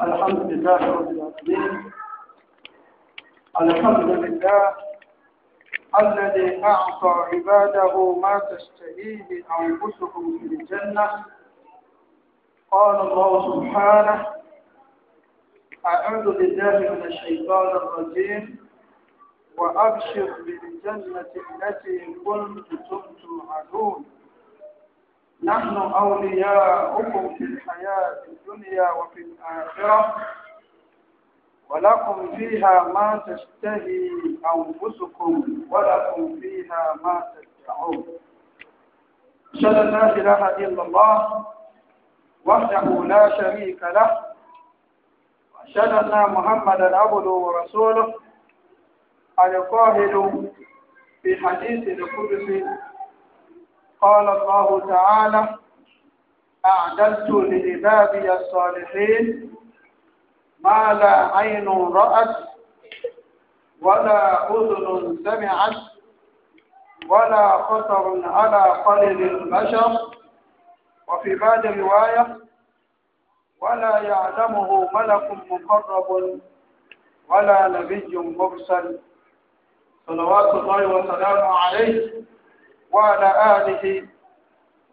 الحمد لله رب العالمين الحمد لله الذي أعطى عباده ما تشتهيه أنفسهم في الجنة قال الله سبحانه أعوذ بالله من الشيطان الرجيم وأبشر بالجنة التي كنتم توعدون نحن أولياؤكم في الحياة الدنيا وفي الآخرة ولكم فيها ما تشتهي أنفسكم ولكم فيها ما تدعون أشهد أن لا إله إلا الله وحده لا شريك له أشهد أن محمدا عبده ورسوله القاهر في حديث القدس قال الله تعالى أعددت لعبادي الصالحين ما لا عين رأت ولا أذن سمعت ولا خطر على قلب البشر وفي بعض الرواية ولا يعلمه ملك مقرب ولا نبي مرسل صلوات الله وسلامه عليه وعلى آله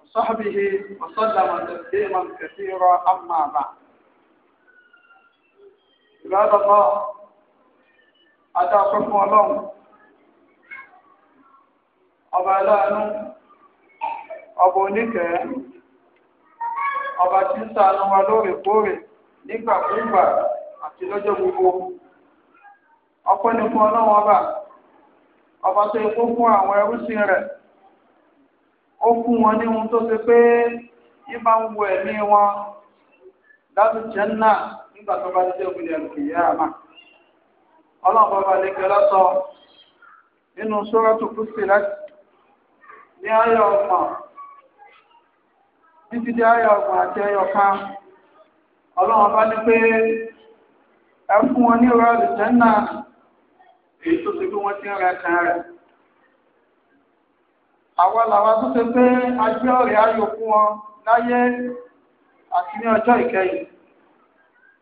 وصحبه وسلم تسليما كثيرا أما بعد عباد الله أتاكم ولهم أبا لانو أبو نكه ọba tí ń ṣàánú wa lóòrèkóòrè nígbàkúùgbà àti lọ́jọ́ gbogbo ọpẹ́ ni fún ọlọ́run ọba ọba tó ikú fún àwọn ẹrúsìn rẹ̀ ó fún wọn ní ohun tó ṣe pé ibà ń wọn láti jẹ́ náà nígbà tó bá títí di ayọ̀ ọ̀gbọ̀n àti ayọ̀ kan ọlọ́run bá ní pé ẹ fún wọn ní ọ̀rọ̀ àlùjànnà èyí tó ṣe bí wọ́n ti ń ra kan rẹ̀ àwa làwa tó ṣe pé ajé ọ̀rẹ́ ayọ̀ fún wọn láyé àti ní ọjọ́ ìkẹyìn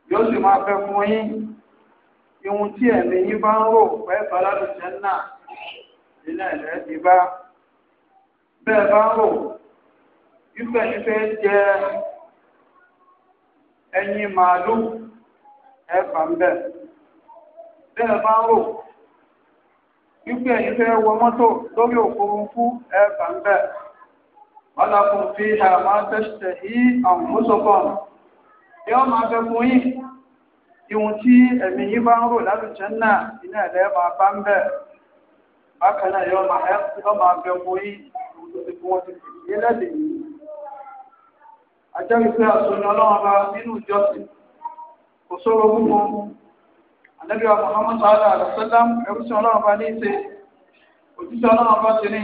yóò sì máa fẹ́ fún yín ihun tí ẹ̀mí yín bá ń rò ìfẹ́ ìfẹ́ jẹ ẹyin màálù ẹ̀fà ń bẹ̀. bẹ́ẹ̀ bá rò wípé ẹ̀yin fẹ́ wọ mọ́tò lórí òfurufú ẹ̀fà ń bẹ̀. wàlàkùn fi àmà tẹ̀sítẹ̀ yí àwọn mọ́sọ̀kọ̀ yóò máa fẹ́ fún yìí ìwọ̀n tí ẹ̀mí yìí bá rò lálùjẹ́ náà iná ẹ̀lẹ́ máa bá ń bẹ̀ bákan náà yóò máa fẹ́ fún yìí ìwọ̀n tó ti fi wọ́n ti fi ajẹ́ wípé àsọ̀nà ọlọ́run bá nínú ìjọsìn kò sóró gbogbo ànábì wa Muhammad sallallahu alaihi wa ọlọ́run bá ní ṣe òjíṣẹ́ ọlọ́run bá ti ní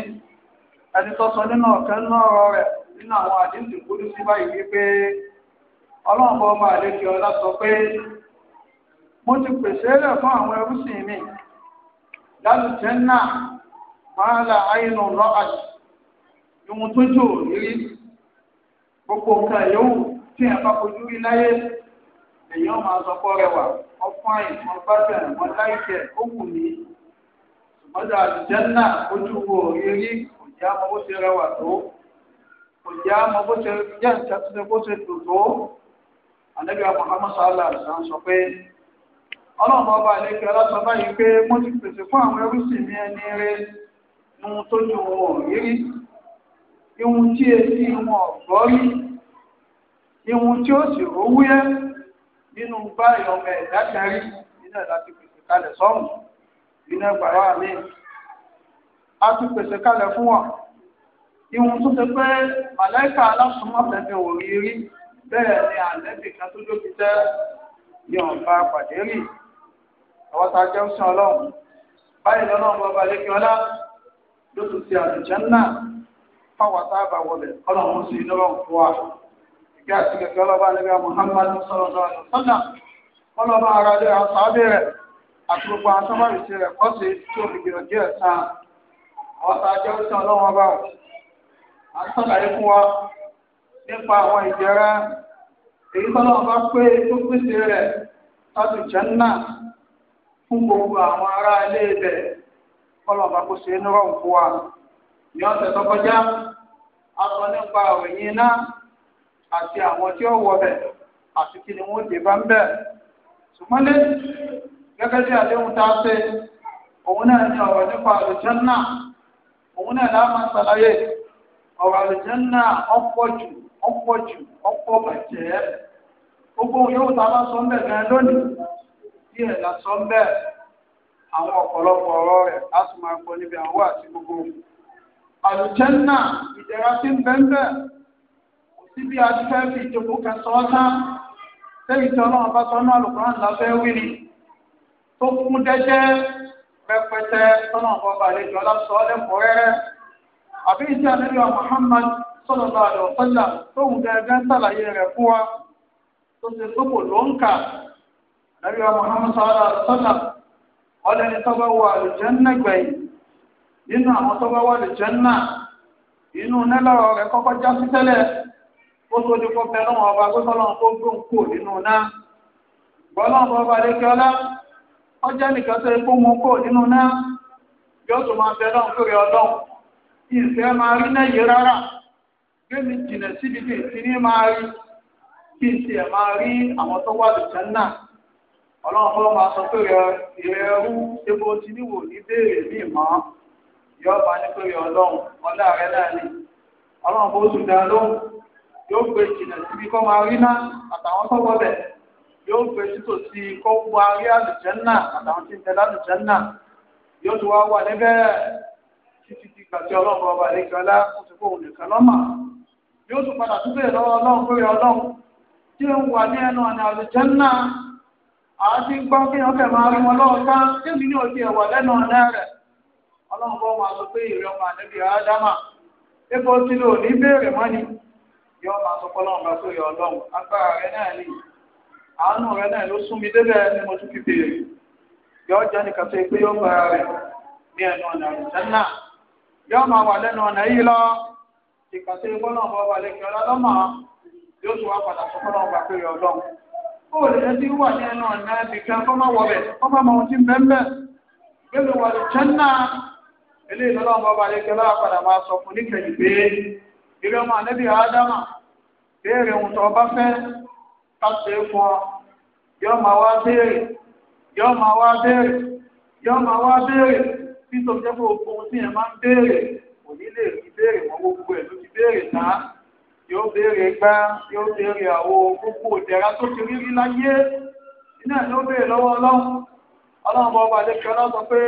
ẹni tó nínú ọ̀kẹ́ nínú rẹ̀ nínú àwọn àdéhùn ìkúrú sọ pé mo ti pèsè rẹ̀ fún àwọn mi náà máa la àjù ìwọ̀n tó jò rírí gbogbo nǹkan yòówù tí ẹ̀ bá fojú rí láyé èèyàn máa sọ pọ́ rẹwà ọ̀fọ́n ìmọ̀ gbàgbẹ́ ẹ̀mọ́ láìpẹ́ ó wù mí ṣùgbọ́n àlùjànnà ojú wo rírí kò já mọ bó ṣe rẹwà tó kò já mọ bó ṣe jẹ́ nǹkan tó ṣe bó ṣe tò tó ànábì Muhammad sallallahu alaihi wasallam sọ pé ọlọ́run ọba àlejò aláṣọ báyìí pé mo ti pèsè fún àwọn ẹrúsìn mi ẹni rẹ ohun tó wọn rírí ihun tí etí wọn ọ̀gbọ́ rí ihun tí ó sì rówú yẹ nínú báyìí ọmọ ẹ̀dá kárí nínú ẹ̀dá ti pèsè kalẹ̀ sọ́run nínú ẹgbàá mi a ti pèsè kalẹ̀ fún wa ihun tó ṣe pé màláìka alásùnmọ́fẹ́fẹ́ ò rí rí bẹ́ẹ̀ ni àlẹ́bì kan tó ló fi tẹ́ yọ̀ǹba pàdé rì àwọn tá a jẹ́ òsín ọlọ́run báyìí lọ́nà ọmọ ọba lẹ́kẹ́ ọlá ló tún ti àlùjẹ́ náà fáwọn tá a bá wọlé ọlọ́run sì lọ́rùn fún wa. ìgbà àti kẹ̀kẹ́ ọlọ́ba nígbà Muhammad sallallahu alaihi wasallam ọlọ́ba ara rẹ̀ àṣàbẹ̀ rẹ̀ àti gbogbo àwọn sọ́mọ́rì sí rẹ̀ kọ́ sí tí ó fi gbìyànjú ẹ̀ sàn àwọn sàájọ́ sí ọlọ́wọ́n bá wọn. à àti àwọn tí ó wọ àti kí ni dé bá ń ṣùgbọ́n lé gẹ́gẹ́ bí àdéhùn tá a ṣe òun náà ní ọ̀rọ̀ nípa àlùjànnà òun náà ọ̀rọ̀ ọ̀pọ̀ jù ọ̀pọ̀ jù ọ̀pọ̀ bàjẹ́ a bá sọ ń bẹ̀ gan lónìí díẹ̀ la sọ ń àwọn ọ̀pọ̀lọpọ̀ ọ̀rọ̀ rẹ̀ á sì máa kọ níbi àwọn àti gbogbo ń síbi àtúfẹ́ fi ìjòkó kẹsàn án tán lẹ́yìn tí ọlọ́run bá sọ ní àlùkùrán lábẹ́ to kudede tó kún dẹ́jẹ́ rẹpẹtẹ tọ́nà ọ̀bọ̀bà àlejò aláṣọ ọlẹ́kọ̀ọ́ rẹ́rẹ́ àbí Muhammad sallallahu alaihi wasallam tóun gẹ́gẹ́ sàlàyé rẹ̀ fún wa tó ṣe gbogbo ló ń Muhammad sallallahu tọ́gbà nínú àwọn tọ́gbà inú nẹ́lọ́rọ̀ rẹ̀ ó tó ní kó bẹ́ẹ̀ lọ́wọ́ ọba gbọ́dọ̀ lọ́wọ́ kó gbóhùn kú nínú náà bọ́lá ọba ọba lẹ́kẹ́ ọlá ọjọ́ nìkan tó ikú mú kú nínú náà yóò tó máa bẹ́ẹ̀ lọ́wọ́ kúrẹ́ ọlọ́wọ́ ìfẹ́ máa rí náà yé rárá gbẹ́mi jìnà síbi tí ìsinmi máa rí kí n tiẹ̀ máa rí àwọn tó wà lùtẹ́ náà ọlọ́run fọlọ́ máa sọ pé ìrẹ̀rú epo ti níwò ní béèrè ní ìmọ̀ yọ̀ọ́ bá ní pé ọlọ́run ọlá rẹ̀ náà ni ọlọ́run kò tún dá lóhùn. yóò gbé jìnnà síbi kọ́ máa rí náà àtàwọn tó gbọ́ yóò gbé títòsí kó wá rí àlùjẹ́nà àtàwọn tí ń tẹ̀lé àlùjẹ́nà yóò tún wá wà níbẹ̀ títí di ìgbà ọlọ́run ọba àlejò kó nìkan lọ́mà yóò padà lọ́wọ́ ọlọ́run pé ọlọ́run tí ń wà ní ẹnu gbọ́ kí wọ́n fẹ́ máa rí wọn yọ máa sọ pé ọlọ́run bá tó yọ ọlọ́run agbára rẹ náà ni àánú rẹ náà ló sún mi débẹ̀ ni mo tún fi béèrè yọ jẹ́ nìkan tó yẹ pé yọ gbára rẹ ní ẹnu ọ̀nà àrùsẹ́nà yọ máa wà lẹ́nu ọ̀nà yìí lọ ìkà tó yẹ pé ọlọ́run bá wà lẹ́kẹ́ ọlá lọ́mọ yóò tún wá padà sọ pé ọlọ́run bá tó yọ ọlọ́run ó lè yẹ ti wà ní ẹnu ọ̀nà ibìkan kọ́ má wọ bẹ̀ kọ́ má mọ ohun tí ń bẹ́ẹ̀ ìrẹ ọmọ ànẹ́bí ádámà béèrè ohun tó bá fẹ́ káṣe fún ọ Yọ ma wá béèrè Yọ ma wá béèrè wá béèrè tí tó jẹ́ pé òkú tí yẹn rí béèrè gbogbo ẹ̀ ló ti béèrè náà yóò béèrè gbá yóò béèrè gbogbo tó ti rí rí láyé iná ó béèrè lọ́wọ́ ọlọ́run pé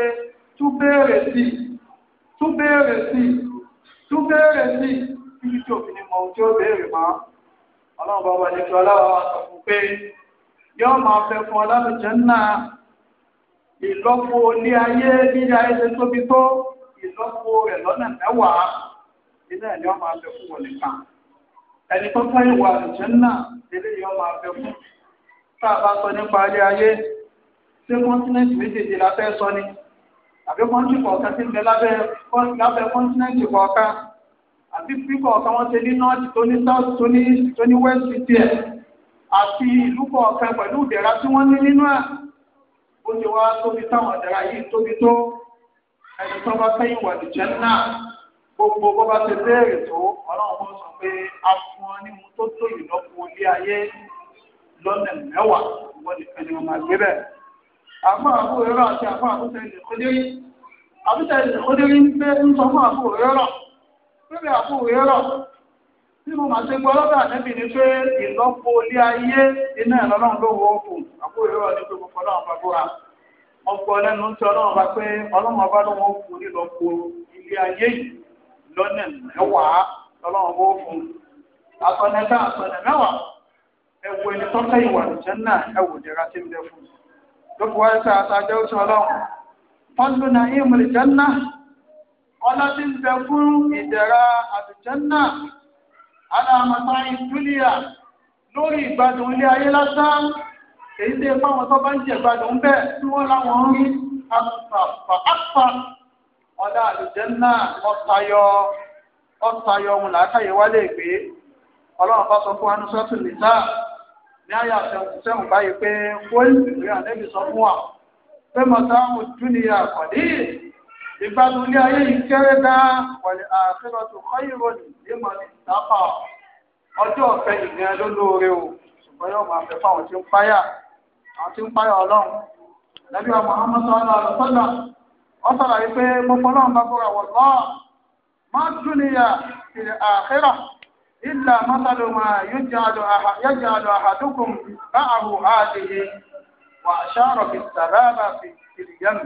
béèrè sí béèrè sí béèrè sí. títí tí òfin ni mọ ohun tí ó béèrè mọ́ ọlọ́run bàbá ní kí ọlọ́run wa sọ fún pé yóò máa fẹ́ fún ọlọ́run náà ìlọ́po ilé ayé nílé ayé ṣe tóbi tó ìlọ́po rẹ̀ lọ́nà mẹ́wàá ilé ẹ̀ ni wọ́n máa fẹ́ fún wọn nìkan ẹni tó fẹ́ ìwà àlùjànnà ilé yìí wọ́n máa fẹ́ fún tá a bá sọ nípa ilé ayé ṣé kọ́ńtínẹ́ǹtì méjèèjì la fẹ́ sọ ni àbí kọ́ńtínẹ́ǹtì kọ̀ọ̀kan ti ń bẹ lábẹ́ kọ́ńtínẹ́ǹtì kọ̀ọ̀kan àti pípọ̀ táwọn ṣe ní north tó ní south tó ní east tó ní west city ẹ̀ àti ìlú kọ̀ọ̀kan pẹ̀lú ìdẹ̀ra tí wọ́n ní nínú ẹ̀ ó ti wá tóbi táwọn ìdẹ̀ra yìí tóbi tó ẹni tó bá fẹ́ ìwà ìjẹ́ náà gbogbo bó bá ti béèrè tó ọlọ́run kò sọ pé a fún ọ nímú tó tó ìlọ́po ilé ayé lọ́nà mẹ́wàá wọ́n lè fẹ́ni wọn máa bẹ́ẹ̀. àfọ àbúrò rẹ̀ àti àfọ àbúrò rẹ̀ ń sọ fún àbúrò rẹ̀ lórí àbúrò rọ tí mo máa ṣe gbọ́ lọ́dọ̀ àtẹ́bí ni pé ìlọ́po ilé ayé iná ìlọ́lọ́run ló wọ òkun àbúrò rọ ní pé gbogbo ọlọ́run bá búra ọgbọ́n lẹ́nu ń ọlọ́run bá pé ọlọ́run bá lọ́wọ́ ilé ayé lọ́nà mẹ́wàá bó àtọ̀nẹ́ta àtọ̀nẹ́ mẹ́wàá ẹ̀wọ̀ ẹni tọ́kẹ́ ìwà náà ẹ̀wọ̀ ọlá tí ń bẹ fún ìdẹ̀ra àlùjànnà aláàmọ̀tá ìdúlíà lórí ìgbádùn ilé ayé lásán èyí tí ipá wọn tó bá ń jẹ ìgbádùn bẹ́ẹ̀ tí wọ́n láwọn ń rí àpàpà ọlá àlùjànnà ọ̀tayọ ọ̀tayọ ohun làákàyè wálé ìgbé ọlọ́run bá sọ fún wa ní sọ́tún nìta ní àyà sẹ́wọ̀n báyìí pé kó ìrìn àlẹ́bí sọ fún wa pé mọ̀tá òdúnìyà kọ̀dí ìgbádùn ilé ayé yìí kéré náà wàlẹ̀ àkérọ̀tò kọ́yìnrò nígbà ìdápà ọjọ́ ọ̀fẹ́ ìgbìn ló lóore o ṣùgbọ́n yóò máa fẹ́ fáwọn tí ń páyà àwọn tí ń páyà ọlọ́run lẹ́bí wa Muhammad sallallahu alaihi wasallam sọ̀rọ̀ yìí pé mo fọ́ náà bá bọ́ra wọ̀ lọ́ọ̀ má dúnìyà ìrìn àkérà ìlà mọ́sálò máa yọjà àlọ́ àhàdùkùn bá àhù àdìyẹ wà àṣà rọ̀ fi fi ìrìyàmù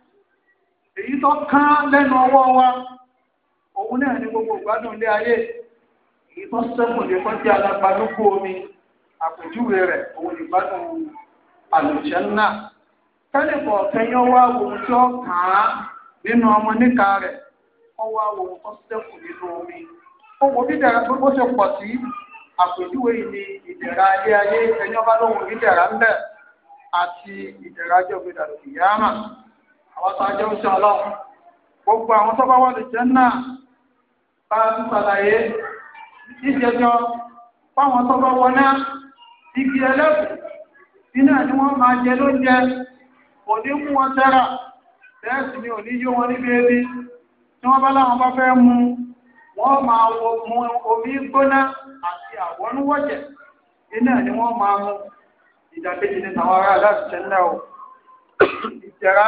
èyí tó kán lẹ́nu ọwọ́ wa òun náà ni gbogbo ìgbádùn ayé èyí tó sẹ́kùn lè kọjá omi àpèjúwe rẹ̀ òun ìgbádùn àlùjẹ́ náà kálíbọ̀ kẹyàn wá wòun kàn án nínú ọmọ níka rẹ̀ omi bí àwọn tó ajẹ́ oṣù ọlọ́run gbogbo àwọn tó bá wà lè jẹ́ náà bá a tún ṣàlàyé ìjẹjọ fáwọn tó bá wọná igi ẹlẹ́kùn iná ni wọ́n máa jẹ lóúnjẹ kò ní mú wọn tẹ́ra bẹ́ẹ̀ sì ni ò ní yó wọn níbi ebi tí wọ́n bá láwọn bá fẹ́ mu wọ́n máa mu omi gbóná àti àwọnúwọ̀jẹ̀ iná ni wọ́n máa mu ìdàkejì ní tàwọn ará aláàbìṣẹ́ ńlá ìjẹra.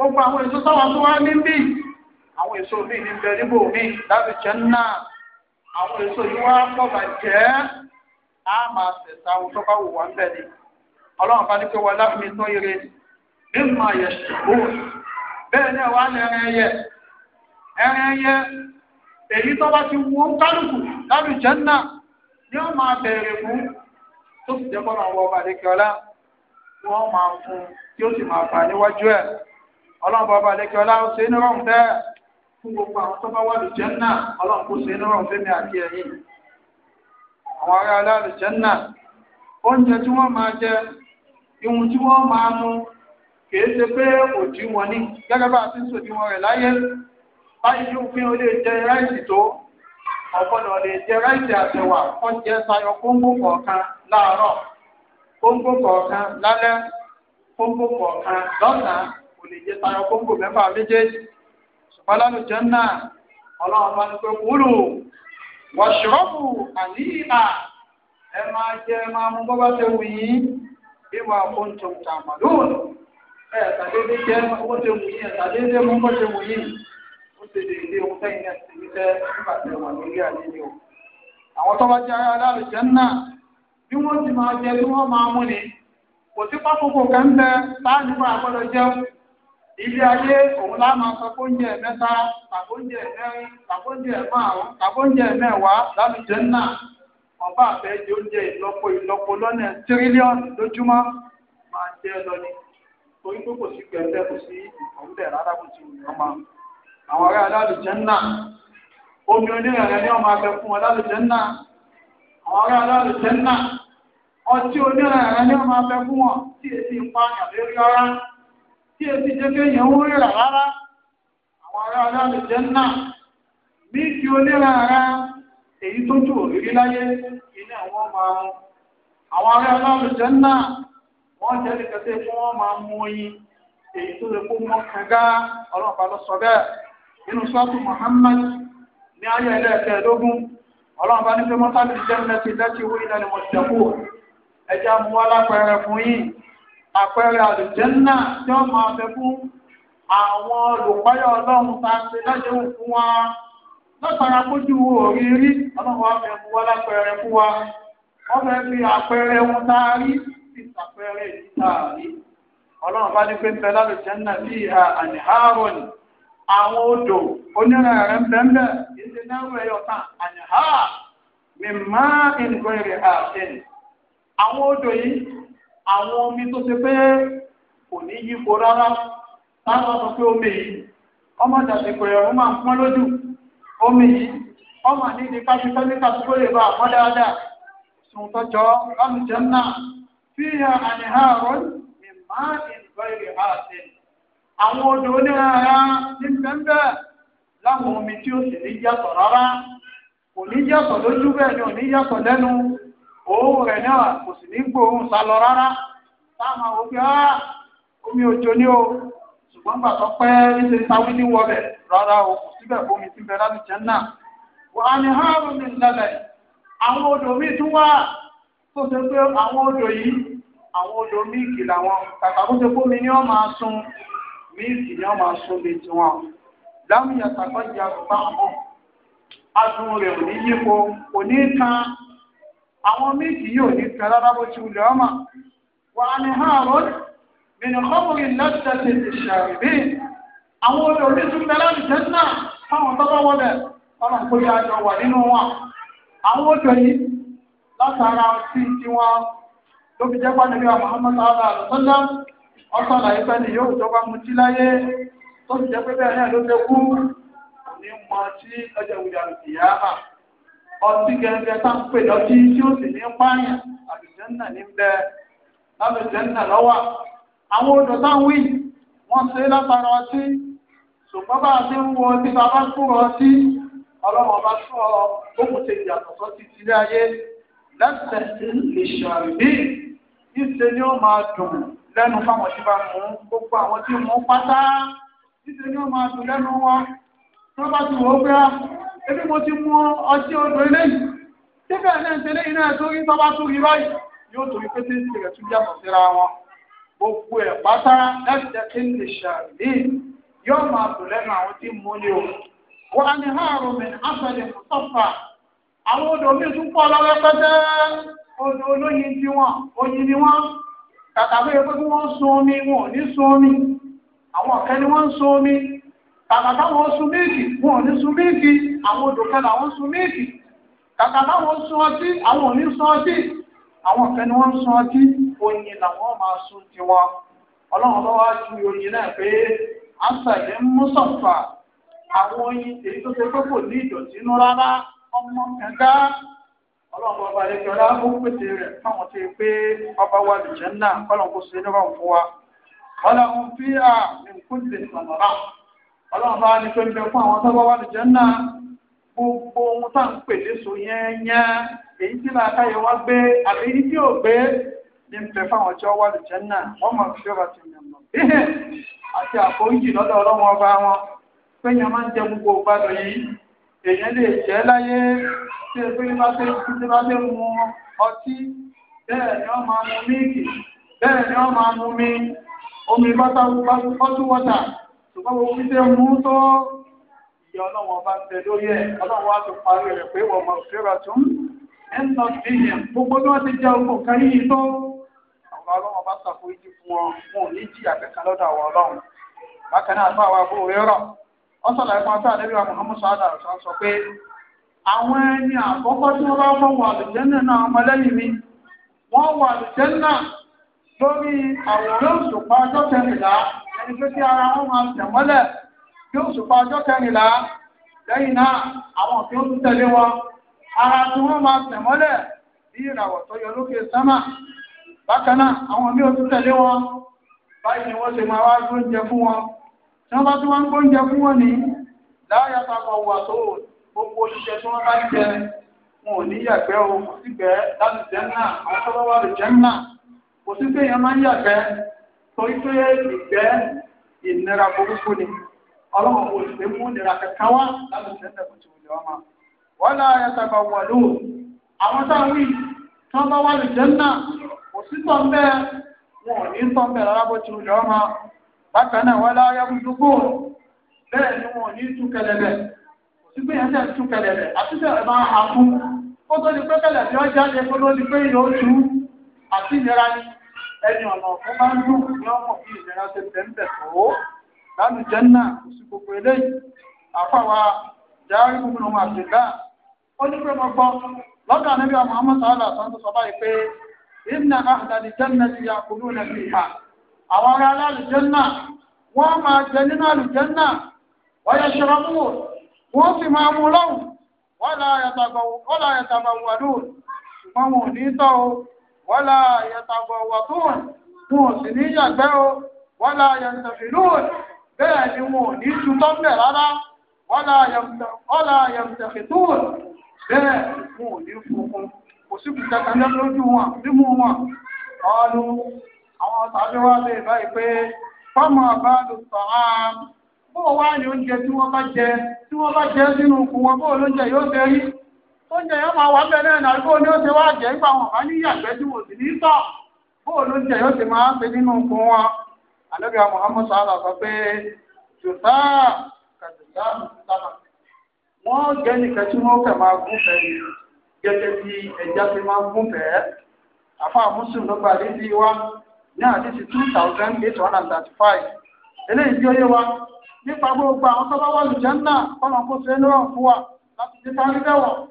gbogbo àwọn èso táwọn tó wá ní bí àwọn èso mi ní bẹ níbò mi láti jẹ náà àwọn èso yìí wá pọ̀ bàjẹ́ á máa tẹ̀sà ohun tó bá wù wá ń bẹ̀ ni ọlọ́run bá ní pé wọlé mi tó ire nínú àyẹ̀sùn bóòlù bẹ́ẹ̀ náà wà ní ẹran ẹyẹ ẹran ẹyẹ èyí tó bá ti wo kálukú lálùjẹ́ náà ni wọ́n máa bẹ̀rẹ̀ fún tó sì jẹ́ kọ́nà ọwọ́ ọba àdékẹ́ọ́lá wọ́n máa fún tí ó sì máa fà níwájú ẹ̀ ọlọ́run bàbá lẹ́kẹ́ ọlá ó ṣe é nírọ̀rùn tẹ́ fún gbogbo àwọn tó bá wà lù jẹ́nà ọlọ́run kò ṣe é nírọ̀rùn fẹ́mi àti ẹ̀yìn àwọn ará aláàlú jẹ́nà oúnjẹ tí wọ́n máa jẹ ihun tí wọ́n máa mu kìí ṣe pé òdì wọn ní gẹ́gẹ́ bá a ti ń sòdì wọn rẹ̀ láyé báyìí yóò fi ó lè jẹ ráìsì tó ọ̀pọ̀lọ̀ lè jẹ ráìsì àtẹ̀wà wọ́n jẹ sayọ kóńgò kọ̀ọ̀kan láàárọ̀ kóńgò kọ̀ọ̀kan lálẹ́ kóńgò kọ̀ọ̀kan lọ́sàn-án kò lè jẹ tayọ kóńgò mẹ́fà méjèèjì ṣùgbọ́n lálẹ́ jẹ́nà ọlọ́run bá ní pé kúrò wọ̀ṣọ́ọ̀bù àníyà ẹ máa jẹ ẹ máa mú bọ́bá ṣe wù yín bí wàá kó ń tòun tà mà lóòrùn ẹ tàdédé jẹ owó ṣe wù yín ẹ tàdédé mú bọ́ ṣe wù yín ó ṣe lè dé ohun tẹ́yìn náà ṣe níṣẹ́ nígbà tẹ̀ wà lórí àlejò àwọn tó bá jẹ ara lálẹ́ jẹ́nà bí wọ́n ti máa jẹ bí wọ́n máa mú ni kò sí pápákọ̀ kẹ́ńtẹ́ táà nípa àgbọ̀dọ̀ ilé ayé òun lá máa sọ fóúnjẹ mẹ́ta tàbóúnjẹ mẹ́rin tàbóúnjẹ márùn tàbóúnjẹ mẹ́wàá lálùjẹ náà ọba àfẹ jẹ oúnjẹ ìlọ́po ìlọ́po lọ́nà tírílíọ̀nù lójúmọ́ máa jẹ lọni torí pé kò sí gbẹ̀ndẹ́ kò sí ọ̀húndẹ̀ rárá kò sí ọmọ àwọn ará lálùjẹ náà omi onírẹ̀rẹ̀ ni wọ́n máa fẹ́ fún wọn lálùjẹ náà àwọn ará lálùjẹ náà ọtí onírẹ̀rẹ̀ ni wọ́n máa fẹ́ fún wọn tí èsì ń pa àyàn lórí rárá tí èsì jẹ́ kéèyàn ń rírà rárá àwọn ará aláàlú jẹ́ náà ní ti onírà ara èyí tó jù òrírí láyé iná àwọn máa mú àwọn ará aláàlú jẹ́ náà wọ́n jẹ́ ní kẹsẹ́ fún wọn máa mú oyin èyí tó lè kó mọ́ kẹgá ọlọ́pàá lọ sọ bẹ́ẹ̀ nínú sọ́ọ̀tù Muhammad ní ayé ẹlẹ́ẹ̀kẹ́ẹ̀dógún ọlọ́run bá ní pé mọ́tàlì jẹ́ mẹ́sì lẹ́tì wí ìlànà mọ̀tẹ́kù ẹja mú alápẹ̀rẹ̀ fún yìí àpẹẹrẹ àlùjẹ́nà tí wọ́n máa fẹ́ fún àwọn olùpáyọ̀ ọlọ́run tá a ṣe lẹ́yẹ̀wò fún wa látara kójú wo rí ọlọ́run wa fẹ́ fún wa lápẹẹrẹ fún wa wọ́n fẹ́ fi àpẹẹrẹ wọn sí àpẹẹrẹ ọlọ́run bá ní pé ń bẹ lálùjẹ́nà bí ìhà àwọn odò rẹ̀ ń bẹ́ńbẹ́ ìdí ẹ̀yọ̀ kan ìrìn àwọn omi tó ṣe pé kò ní yípo rárá táwọn sọ pé omi yìí ọmọ ìdàgbé pẹ̀lú ọ̀rọ̀ máa ń pọ́n lójú omi yìí ọmọ nídi káfíńtọ́níkà tó lè bá àpọ́n dáadáa sùn tọ́jọ́ lálùjẹ́ náà fi hàn àní àárọ̀ mímá ìgbà ìrìn àti àwọn odò onírànà ní pẹ́ńpẹ́ láwọn omi tí ó sì ní yàtọ̀ rárá kò ní yàtọ̀ lójú bẹ́ẹ̀ ni ò ní yàtọ̀ lẹ́nu òun rẹ̀ náà kò sì ní gbòòrùn sá lọ rárá táwọn ah, omi òjò ní o ṣùgbọ́n gbà tó pẹ́ níṣe sáwí ní rárá o kò síbẹ̀ fómi ti bẹ láti jẹ́ náà wà á ní hárùn ní àwọn odò tún tó ṣe pé àwọn odò yìí àwọn odò làwọn kàkà tó ṣe ni wọ́n máa ni ìyá àgùnbá adùn rẹ̀ yípo àwọn méjì yóò ní tẹ bó ti wulẹ̀ ọmọ wà ní hàrún mìnìkọ́mùrì lọ́sẹ̀tẹ̀ ìṣàrìbí àwọn olè oníṣun bẹ láti tẹ́sínà táwọn tọ́gbọ́ wọlẹ̀ ọ̀nà kó wà nínú wọn àwọn odò yìí látara sí ti wọn tó fi jẹ́ ni ọtí gẹ́gẹ́ tá ń pè lọ́tí tí ó sì ní pààyàn àlùjẹ́nà ní bẹ lálùjẹ́nà lọ́wọ́ àwọn odò táwí wọ́n ṣe látara ọtí ṣùgbọ́n bá a ti ń wo ọtí bàbá kúrò ọtí ọlọ́run ọba sọ ohun ṣe ìyàtọ̀ sọ ti ti láyé lẹ́sẹ̀ lè ṣàrìbí ìṣe ni ó máa dùn lẹ́nu fáwọn tí bá mú gbogbo àwọn tí mú pátá ìṣe ni ó máa dùn lẹ́nu wọn tí wọ́n bá ti wò ó pé ebi mo ti mú ọtí odò eléyìí síbẹ̀ náà tẹ́lẹ̀ iná ẹ̀ sórí tọ́ba sórí báyìí yóò torí pété tirẹ̀ tún yàtọ̀ síra wọn gbogbo ẹ̀ pátá lẹ́sẹ̀ kí n lè ṣàlẹ́ yóò máa tò lẹ́nu àwọn tí mo ní o wọ́n á ní ni wọ́n tàtàbí ẹgbẹ́ tí wọ́n ń sun omi kàkà táwọn sun míìkì wọn ò ní sun míìkì àwọn odò kan làwọn sun míìkì kàkà táwọn sun ọtí àwọn ò ní sun ọtí àwọn kan ni wọ́n sun ọtí oyin làwọn máa sun tiwọn ọlọ́run lọ́wọ́ á ju oyin náà pé àṣàyẹ ń mú sọ̀fà àwọn oyin èyí tó ṣe kókò ní ìdọ̀tí inú rárá ọmọ ẹ̀dá ọlọ́run ọba ẹ̀kẹ́lá ó pèsè rẹ̀ fáwọn tí pé ọba wa lè jẹ́ náà kọ́lọ́n kó ṣe nígbà fún wa. ọlọ́run fíà ní kúndé ọlọ́run bá ní pé ń bẹ fún àwọn tó bá wà lùjẹ́ náà gbogbo ohun tá à ń pè léṣo yẹn yẹn èyí tí làákàyè wá gbé àbí èyí tí ò gbé ní ń bẹ fáwọn tí wọ́n wà lùjẹ́ náà wọ́n mọ̀ fi ọ̀rọ̀ ti yàn lọ. àti àforíjì lọ́dọ̀ ọlọ́run ọba wọn pé yẹn máa ń jẹ gbogbo gbádùn yìí èèyàn lè jẹ́ láyé tí ebi bá fẹ́ tí bá fẹ́ mu ọtí bẹ́ẹ̀ ni wọ́n máa mu míìkì ni wọ́n máa mu mi omi bọ́tú wọ́tà ṣùgbọ́n mo fi ṣe mú tó ìyá ọlọ́wọ́n bá ń tẹ lórí ẹ̀ ọlọ́wọ́n wá tó parí rẹ̀ pé wọ́n mọ̀ fẹ́ra tún ẹ̀ńtọ́ sí yẹn gbogbo bí wọ́n ti jẹ́ ogun kan yìí tó àwọn ọlọ́wọ́n bá ṣàforíjì fún wọn wọn ò lọ́dọ̀ àwọn àti pé kí ara wọn máa tẹ̀mọ́lẹ̀ kí òṣùpá ọjọ́ kẹrìnlá lẹ́yìn náà àwọn kí ó tún tẹ̀lé wọn ara tí wọ́n máa tẹ̀mọ́lẹ̀ bí ìràwọ̀ tó yọ lókè sámà bákan náà àwọn mí ó tún tẹ̀lé wọn báyìí ni wọ́n ṣe máa wá gbóúnjẹ fún wọn tí wọ́n bá tún wá ń gbóúnjẹ fún wọn ní láyà tàbí ọwọ́ gbogbo oṣiṣẹ́ tí wọ́n bá ń jẹ wọn ò ní yàgbẹ́ o kò sí gbẹ́ láti jẹ́ náà àwọn tó bá wà lè jẹ́ náà kò sí pé èèyàn máa ń yàgbẹ́ torí pé ìgbẹ́ ìnira burúkú ni ọlọ́run kò sì mú ìnira kankan wá láti ṣẹ́ńtẹ̀ kò tìwò lè ọmọ. wọ́n náà yẹ tàgbà wọ̀ ló àwọn táwọn yìí tí wọ́n bá wà lè jẹ́ náà kò sí tọ́ bẹ́ẹ̀ wọn ò ní tọ́ bẹ́ẹ̀ rárá bó tìwò lè ọmọ. bákan náà wọ́n láyé gbogbo bẹ́ẹ̀ ni ni ẹni ọ̀nà ọ̀fún máa ń lù ní ọmọ bí ìlera ṣe tẹ̀ǹtẹ̀ tó lánàá jẹ́nà kò sí gbogbo eléyìí àfàwà járí gbogbo ọmọ àṣìlá ó ní pé mo gbọ́ lọ́dọ̀ níbi ọmọ amọ́sà ọ̀là sọ́ńtò sọ báyìí pé ìmìnà àhàdàdì jẹ́nà ti yà kúrú lẹ́bi ìhà àwọn ará alálùjẹ́nà wọ́n máa jẹ nínú àlùjẹ́nà wọ́n yẹ ṣe rọ́mù wọ́n sì máa mú lọ́hùn wọ́n láyàtàgbà wọ́n wọ́lá yẹtàbọ̀ wọ̀tún wọn ò sì ní yàgbẹ́ o wọ́lá yẹtàfìlún bẹ́ẹ̀ ni wọn ò ní tutọ́ bẹ̀ rárá wọ́lá yẹtàfìtún bẹ́ẹ̀ wọn ò ní funfun kò sí kùtà kanjá lójú wọn nímú wọn ọlú àwọn tàbí wá lè báyìí pé fọ́mọ àbáàlù sọ̀rọ̀ bó wá ní oúnjẹ tí wọ́n bá jẹ tí wọ́n bá jẹ sínú kù wọn bó olóúnjẹ yóò fẹ́ oúnjẹ yẹn máa wà bẹ́ẹ̀ náà nàgbó ni ó ti wá jẹ́ nípa wọn wọn ní yàgbẹ́ tí wọn sì ní tọ̀ bóò yóò ti máa ń nínú fún wọn Muhammad sọ pé jùtá kàtìkà sábà wọ́n jẹ́ máa gẹ́gẹ́ bí Muslim ló ní two thousand eight hundred and thirty wa nípa gbogbo àwọn wà kó ṣe é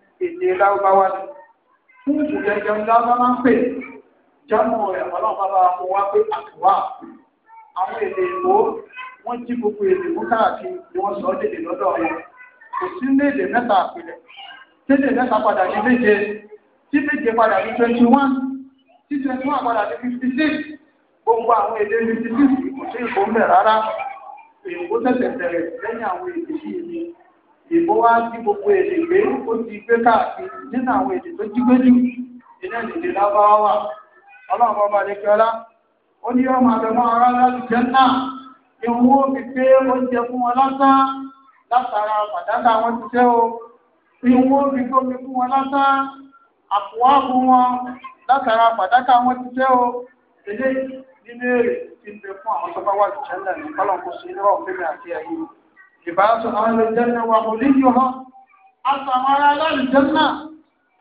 èdè lárúbáwá ni fún ìṣòjẹ jẹun lárúbá máa ń pè jámọ ẹ̀kọ́ náà bá bá wọn wá pé àtúwà àwọn èdè èkó wọ́n jí gbogbo èdè mú káàkiri ni wọ́n sọ dédè lọ́dọ̀ wọn kò tí méje padà ní twenty one tí twenty one padà ní fifty six gbogbo àwọn èdè fifty six kò sí ìkó ń bẹ rárá èkó tẹsẹ̀ bẹ̀rẹ̀ lẹ́yìn àwọn èdè yìí ni. ìbò wá sí gbogbo èdè pé ó ti gbé káàkiri nínú àwọn èdè tó jí gbéjú iná lábáwá wà ọlọ́run adékọ́lá ó ní ọmọ ara láti náà ni ó fi pé oúnjẹ ti o ni ó fi gbómi fún wọn lásán wọn látara o eléyìí nínú èrè ti ń bẹ fún àwọn tó bá wà ní kọ́lọ́n kó ṣe ìbáṣọ àwọn ìjẹ́nà wà kò níyì hàn àtàwọn ará aláìjẹ́nà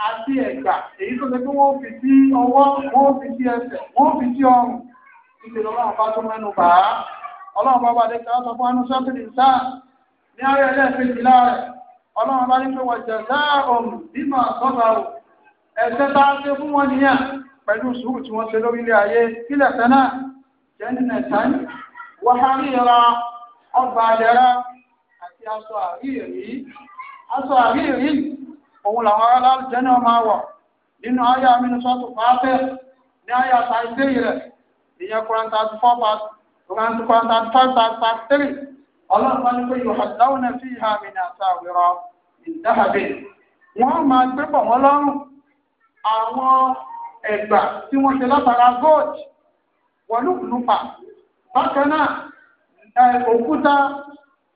àti ẹ̀gbà èyí tó ṣe pé wọ́n fi sí ọwọ́ wọ́n fi sí ẹsẹ̀ wọ́n fi sí ọrùn nítorí ọlọ́run bá tó mẹ́nu bàá ọlọ́run bá balẹ̀ ká sọ fún anú sọ́kìlì sáà ní ayé ẹlẹ́ẹ̀kejì láàrẹ̀ ọlọ́run bá ní pé wọ́n jẹ sáà ọ̀rùn bímọ àtọ́ta ọgbà àdẹ̀rà aṣọ àríyìrí aṣọ àríyìrí òun làwọn ará lálùjẹ́ náà máa wà nínú ayé amínúsọ́tò pàápẹ́ ní ayé àtàgbé rẹ̀ ìyẹn kọ́ńtà four past kọ́ńtà five past three ọlọ́run bá ní pé yóò hàdáwọn náà fi ìhà mi ní àtàwérọ ìdáhàbẹ̀ wọ́n máa gbé pọ̀ wọ́n lọ́rùn àwọn ẹ̀gbà tí wọ́n ṣe látara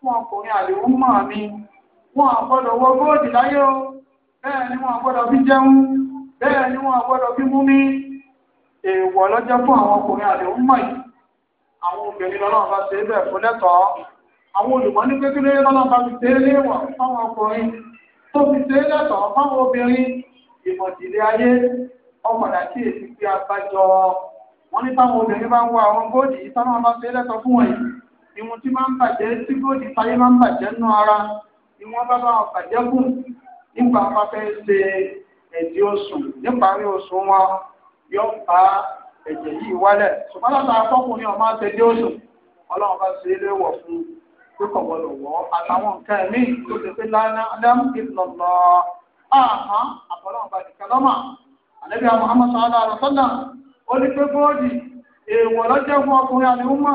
fún ọkùnrin àlèwú mọ̀ mi wọn àgbọ́dọ̀ wọ góòdì láyé o bẹ́ẹ̀ ni wọn àgbọ́dọ̀ fi jẹun bẹ́ẹ̀ ni wọn àgbọ́dọ̀ fi mú mi èèwọ̀ lọ́jọ́ fún àwọn ọkùnrin àlèwú mọ̀ àwọn obìnrin bá lẹ́tọ̀ọ́ àwọn ní fáwọn ọkùnrin bá ń àwọn góòdì ìwọ̀n tí máa ń bàjẹ́ tí bóòdì táyé máa ń bàjẹ́ nù ara ìwọ̀n bá bá bàjẹ́ kù nígbà wọn ṣe ẹ̀dí oṣù níparí oṣù yọ yóò bá ẹ̀jẹ̀ yìí wálẹ̀ ṣùgbọ́n ọmọ ọlọ́run bá ṣe é léwọ̀ fún un wọ́ àtàwọn nǹkan ẹ̀mí tó ti lánàá àmọ́ àbọ̀lọ́run bá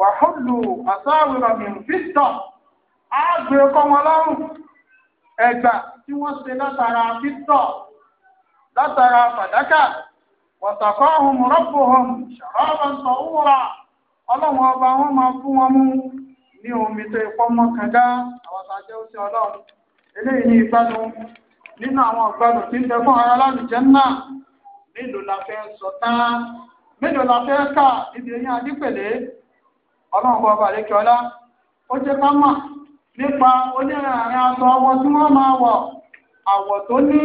wàhùlù àsáwìrọ̀ mìfìtọ̀ ààbò ẹ̀kọ́ wọn lọ́rùn ẹ̀gbà tí wọ́n ṣe látara fìtọ̀ látara fàdákà wọ̀tàkọ́ ọ̀hún rọ́pò ọ̀hún ṣàrọ́bà ń tọ̀ wúra ọlọ́run ọba wọn máa fún wọn mú ní omi tó ikọ́ mọ́ kànga ọlọ́run eléyìí ní nínú àwọn tí ń ọlọ́run bọ́ ọba àlékè ọlá ó jẹ́ ká mọ̀ nípa onírànrin aṣọ ọwọ́ tí wọ́n máa wọ̀ àwọ̀ tó ní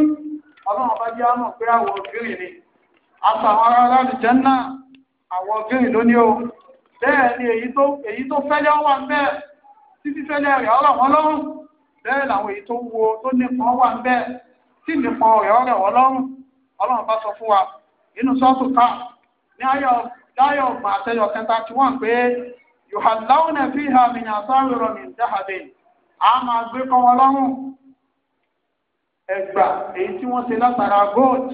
ọlọ́run bá jẹ́ àmọ̀ pé àwọ̀ ògiri ni aṣọ ará jẹ́ náà àwọ̀ ló o bẹ́ẹ̀ ni èyí tó fẹ́lẹ́ wà ń bẹ́ẹ̀ títí fẹ́lẹ́ rẹ̀ ọ̀rọ̀ wọn lọ́rùn bẹ́ẹ̀ làwọn èyí tó wo tó wà ń bẹ́ẹ̀ tí sọ fún wa inú sọ́ọ̀tù ká ní ayọ̀ kẹta tí wọ́n pé yòhàláwùnà fi ha mí ní àtàwìrọ̀ ní a máa gbé kọ́ wọn lọ́rùn ẹgbà èyí tí wọ́n ṣe látara gold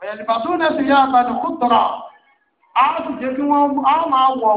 ọ̀yẹ̀lìbàtún náà sì yá àgbàdo kútọ̀rọ̀ a sì jẹ́ kí a máa wọ̀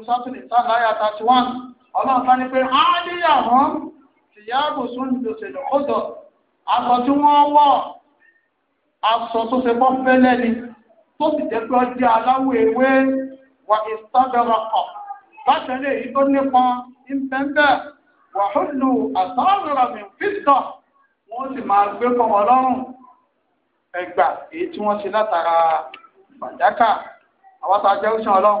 nínú sọ́tún ìtàn láyà thirty one ọlọ́run sọ ni pé áníyàwó tìyàbò sóńdòsè lọ́kọ́dọ̀ aṣọ tí wọ́n wọ̀ aṣọ tó ṣe bọ́ fẹ́lẹ́ ni tó sì jẹ́ pé ọjọ́ aláwọ̀ ewé wà ìsọ́dọ̀rọ̀ kọ̀ báṣẹ lè yí tó nípọn ìpẹ́ńbẹ́ wàhùnù àtọ́rọ̀rọ̀ mi fìtọ̀ wọ́n sì máa gbé fọmọ lọ́rùn ẹgbà èyí tí wọ́n ṣe látara fàdákà àwọn tá a jẹ́ ọlọ́run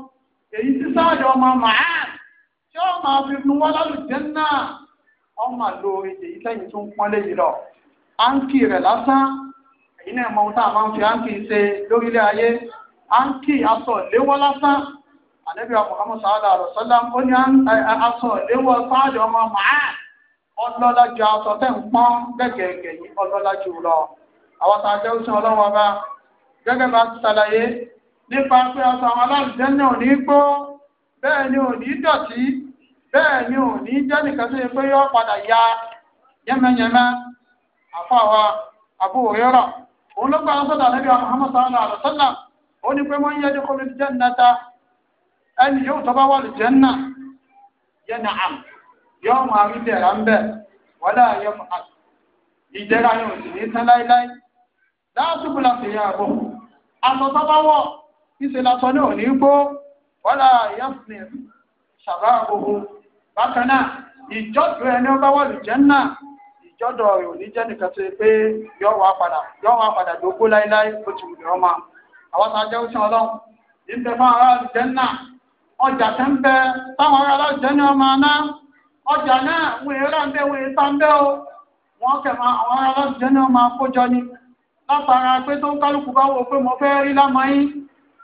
èyí tí sáàjọ ọmọ màá tí ó máa fi nu wọn lálùjẹ náà ọmọ lo èyí lẹ́yìn tó ń pọ́n léyìí lọ áńkì rẹ̀ lásán èyí náà mọ ohun tá a máa ń fi áńkì ṣe lórílẹ̀ ayé áńkì aṣọ léwọ́ lásán àlẹ́bí ọmọ ọmọ sàádà àròsọ́lá ó ní aṣọ léwọ́ sáàjọ ọmọ màá ọlọ́lájú aṣọ tẹ́ ń pọ́n gẹ́gẹ́gẹ́ yìí ọlọ́lájú lọ àwọn tá a jẹ́ òṣìṣẹ́ ọlọ́wọ́ bá gẹ́gẹ́ bá ti ṣàlàyé nípa pé aṣọ àwọn aláàlùjẹ́nà ò ní gbó bẹ́ẹ̀ ni ò dọ̀tí bẹ́ẹ̀ ni ò jẹ́ nìkan tó yẹ pé yọ padà ya yẹ́mẹ́yẹ́mẹ́ àfọwọ́ àbúrérọ̀ òun ló gba sọ́dọ̀ àlẹ́bí wa Muhammad yóò sì ní tán láíláí níṣẹ́ la sọ ní òní gbó wọ́lá yẹ́sìn ṣàbá gbogbo bákan náà ìjọ́dọ̀ ẹni ọba wà lùjẹ́ náà ìjọ́dọ̀ rẹ̀ ò ní jẹ́ nìkan tó pé yọ́ wà padà yọ́ wà padà dógó láíláí ó ti wùdí ọmọ àwọn tá a jẹ́ òṣìṣẹ́ ọlọ́run níbẹ̀ fún ará lùjẹ́ ni látara pé tó ń kálukú bá wọ pé mo fẹ́ rí lámọ́ yín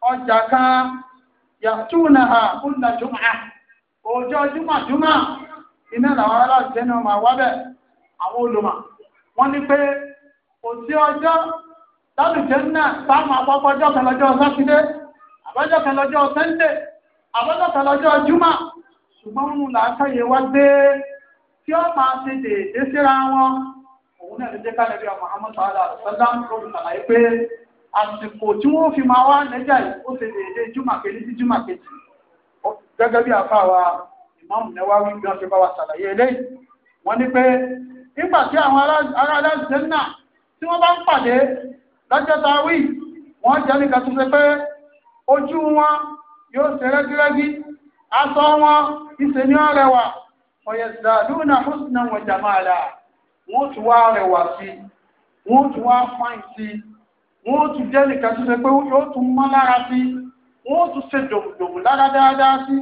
ọjà ká yàtúnà ha kúnlá jùmọ̀ ọjọ́ jùmọ̀jùmọ̀ iná làwọn aláàjẹ́ náà máa wá àwọn olùmọ̀ wọ́n pé kò sí ọjọ́ lálùjẹ́ náà táwọn àpapọ̀ ọjọ́ sátidé àbájọ́ kan sẹ́ńdẹ̀ àbájọ́ kan jùmọ̀ ṣùgbọ́n mú làákàyè wá gbé tí ó máa dèédé síra wọn òun náà jẹ́ ká ọmọ àmọ́ àsìkò tí wọ́n fi máa wá lẹ́jà ó ṣe déédéé jùmọ̀kejì sí jùmọ̀kejì gẹ́gẹ́ bí àfa wa ìmáàmù Nawawi bí wọ́n fi bá wa ṣàlàyé eléyìí wọ́n ní pé nígbà tí àwọn ará aláìsẹ́nà tí wọ́n bá ń pàdé lọ́jọ́ tàwí wọ́n jẹ́ nìkan tó ṣe pé ojú wọn yóò ṣe rẹ́gírẹ́gí aṣọ wọn ìṣe ní ọrẹwà ọ̀yẹ̀sà lúnà húsùnà wọ̀jàmáàlà wọ́n tún wá rẹwà sí wọ́n tún wá fáìn sí wọ́n tún jẹ́ nìkan tó ṣe pé yóò tún mọ́ lára sí wọ́n tún ṣe dòmùdòmù lára dáadáa sí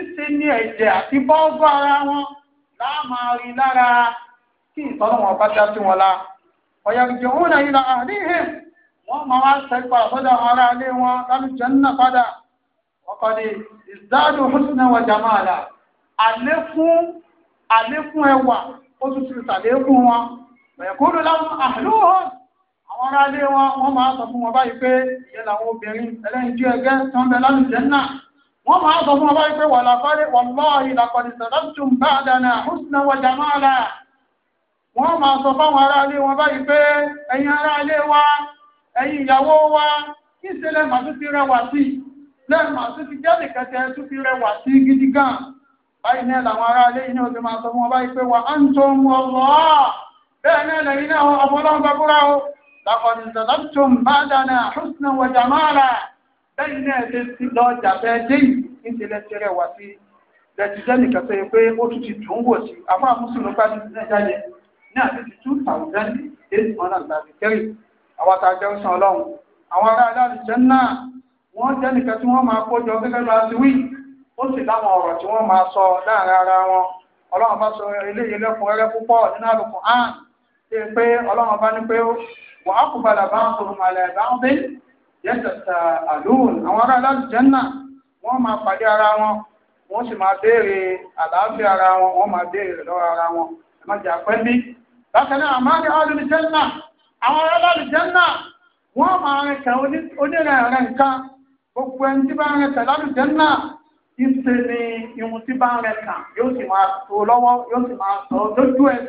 ìṣe ní ẹ̀jẹ̀ àti bọ́ọ̀bù ara wọn láàmà rí lára kí ìtọ́nà wọn bá dá sí wọn la ọ̀yàgbẹ̀jẹ̀ òun náà wọ́n máa wá sẹ́gbà sọ́dọ̀ àwọn ará ilé wọn lálùjẹ́ padà ọkọ̀ ni ìzádù àlékún àlékún ẹwà ó tún ti sàlékún wọn láwọn àwọn ará ilé wọn wọ́n máa sọ fún wọn báyìí pé ìyẹn làwọn obìnrin ẹlẹ́yin tí ẹgẹ́ tó ń bẹ lálùjẹ́ náà wọ́n máa sọ fún wọn báyìí pé wàlàfáàrí wàlọ́ọ̀hì làkọ̀dì sàdájùm bá dáná húsnà wọ́n máa sọ fáwọn bẹ́ẹ̀ náà lẹ́yìn náà ọmọ ọlọ́run bá búra لقد انتظرتم بعدنا حسنا وجمالا lẹ́yìn náà ṣe ti lọ jàbẹ́ déyìí níṣẹ́ lẹ́tẹ̀rẹ̀ wá sí lẹ́tìjẹ́ nìkan tó yẹ pé ó tún ti dùn wò sí àwọn amúsùlùmí bá ti àwọn tá ará aláàlùjẹ́ wọ́n jẹ́ nìkan tí wọ́n máa kójọ gẹ́gẹ́ bí wọ́n wí ó sì láwọn ọ̀rọ̀ tí wọ́n máa sọ láàrin ara wọn ọlọ́run bá sọ eléyìí lẹ́kùnrẹ́rẹ́ púpọ̀ nínú àlùkò hàn ṣe pé ọlọ́run bá ní pé وأقبل بعضهم على بعض يتساءلون àwọn ará aljanna wọ́n máa pàdé ara wọn wọ́n sì máa béèrè àlàáfíà ara wọn wọ́n máa béèrè lọ́wọ́ ara wọn ẹ má jẹ́ àpẹ́ bí. bákan náà àmọ́ ní aljanna àwọn ará aljanna wọ́n máa rìn kẹ́ onírẹ̀ rẹ̀ nǹkan gbogbo ẹni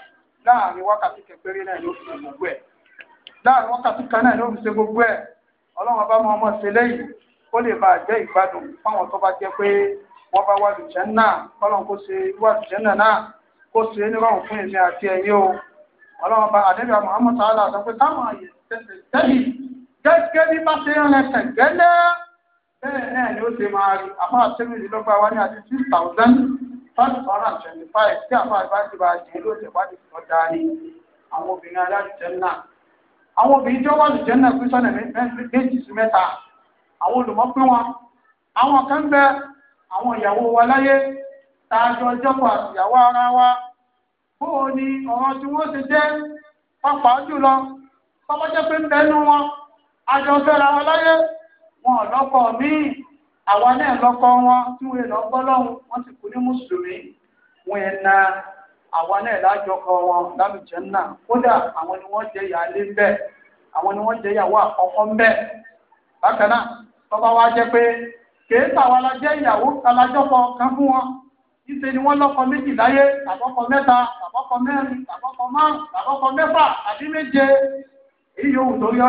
láàrin wákàtí kẹpẹrẹ náà ló fi ṣe gbogbo ẹ̀ láàrin wákàtí kan náà ló fi ṣe gbogbo ẹ̀ ọlọ́run bá máa mọ̀ ṣe lẹ́yìn ó lè bá jẹ́ ìgbádùn fáwọn tó bá jẹ́ pé wọ́n bá wàlùjẹ́ náà ọlọ́run kó ṣe wàlùjẹ́ náà náà kó ṣe nírọ̀rùn fún èmi àti ẹ̀yin o ọlọ́run bá àdébíà muhammed sàálà sọ pé táwọn àyè tẹ̀sẹ̀ tẹ́lẹ̀ ni ó ṣe máa one hundred and twenty five tí àwọn àgbájú bá jẹ lóde ìwádìí tó dáa ní àwọn obìnrin alájùjẹ náà àwọn obìnrin tí wọ́n wà lùjẹ náà pín sọ́nà méjì sí mẹ́ta àwọn olùmọ́pín wọn àwọn kan bẹ àwọn ìyàwó wa láyé tààjọ ìjọpọ̀ àtìyàwó ara wa bóò ni ọ̀rọ̀ tí wọ́n ti jẹ́ pàápàá jùlọ tọ́wọ́ pé ń bẹnu wọn àjọ fẹ́ra wa láyé wọn lọ́kọ̀ míì àwọn náà lọ́kọ́ wọn tí wọ́n lọ gbọ́ wọ́n kú ní mùsùlùmí wọn ẹ̀ na àwọn náà lájọkọ wọn lálùjẹ́ náà kódà àwọn ni wọ́n jẹ́ ìyáálé ń bẹ àwọn ni wọ́n jẹ́ ìyàwó àkọ́kọ́ ń bẹ bákan náà tọ́ba wa jẹ́ pé la jẹ́ ìyàwó alájọpọ̀ kan fún wọn ni méje èyí tó yọ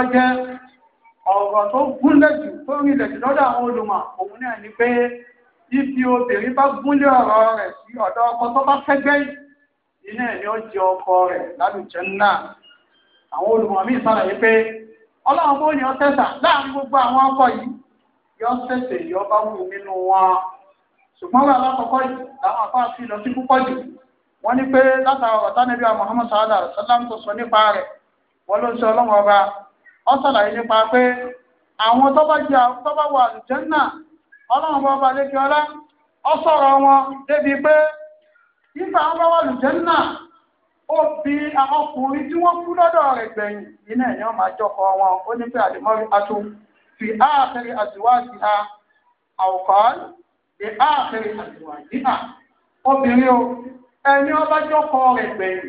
ọ̀rọ̀ tó gúnlẹ̀ jù tó rinlẹ̀ jù lọ́dọ̀ àwọn olùmọ̀ òun náà ni pé ibi obìnrin bá gúnlé ọ̀rọ̀ rẹ̀ sí ọ̀dọ̀ ọkọ̀ tó bá fẹ́gbẹ́ iná ẹ̀ ni ó jẹ ọkọ rẹ̀ lálùjẹ́ náà àwọn olùmọ̀ mi pé ọlọ́run bó ni ọ láàrin gbogbo àwọn yìí yọ sẹ̀sẹ̀ yọ bá wù nínú wọn ṣùgbọ́n wà lákọ̀ọ́kọ́ yìí làwọn àpá àti ìlọsí púpọ̀ jù wọ́n ní pé látara ọ̀tá àwọn tó sọ nípa rẹ̀ wọ́n ló ń sọ ọlọ́run ọba ọ sàlàyé nípa pé àwọn tọ́bá wà àlùjẹ́nà ọlọ́run bá ba ọlá ọ sọ̀rọ̀ wọn débi pé nípa àwọn bá wà àlùjẹ́nà ó bi ọkùnrin tí wọ́n kú lọ́dọ̀ rẹ̀ gbẹ̀yìn iná ọba rẹ̀ gbẹ̀yìn.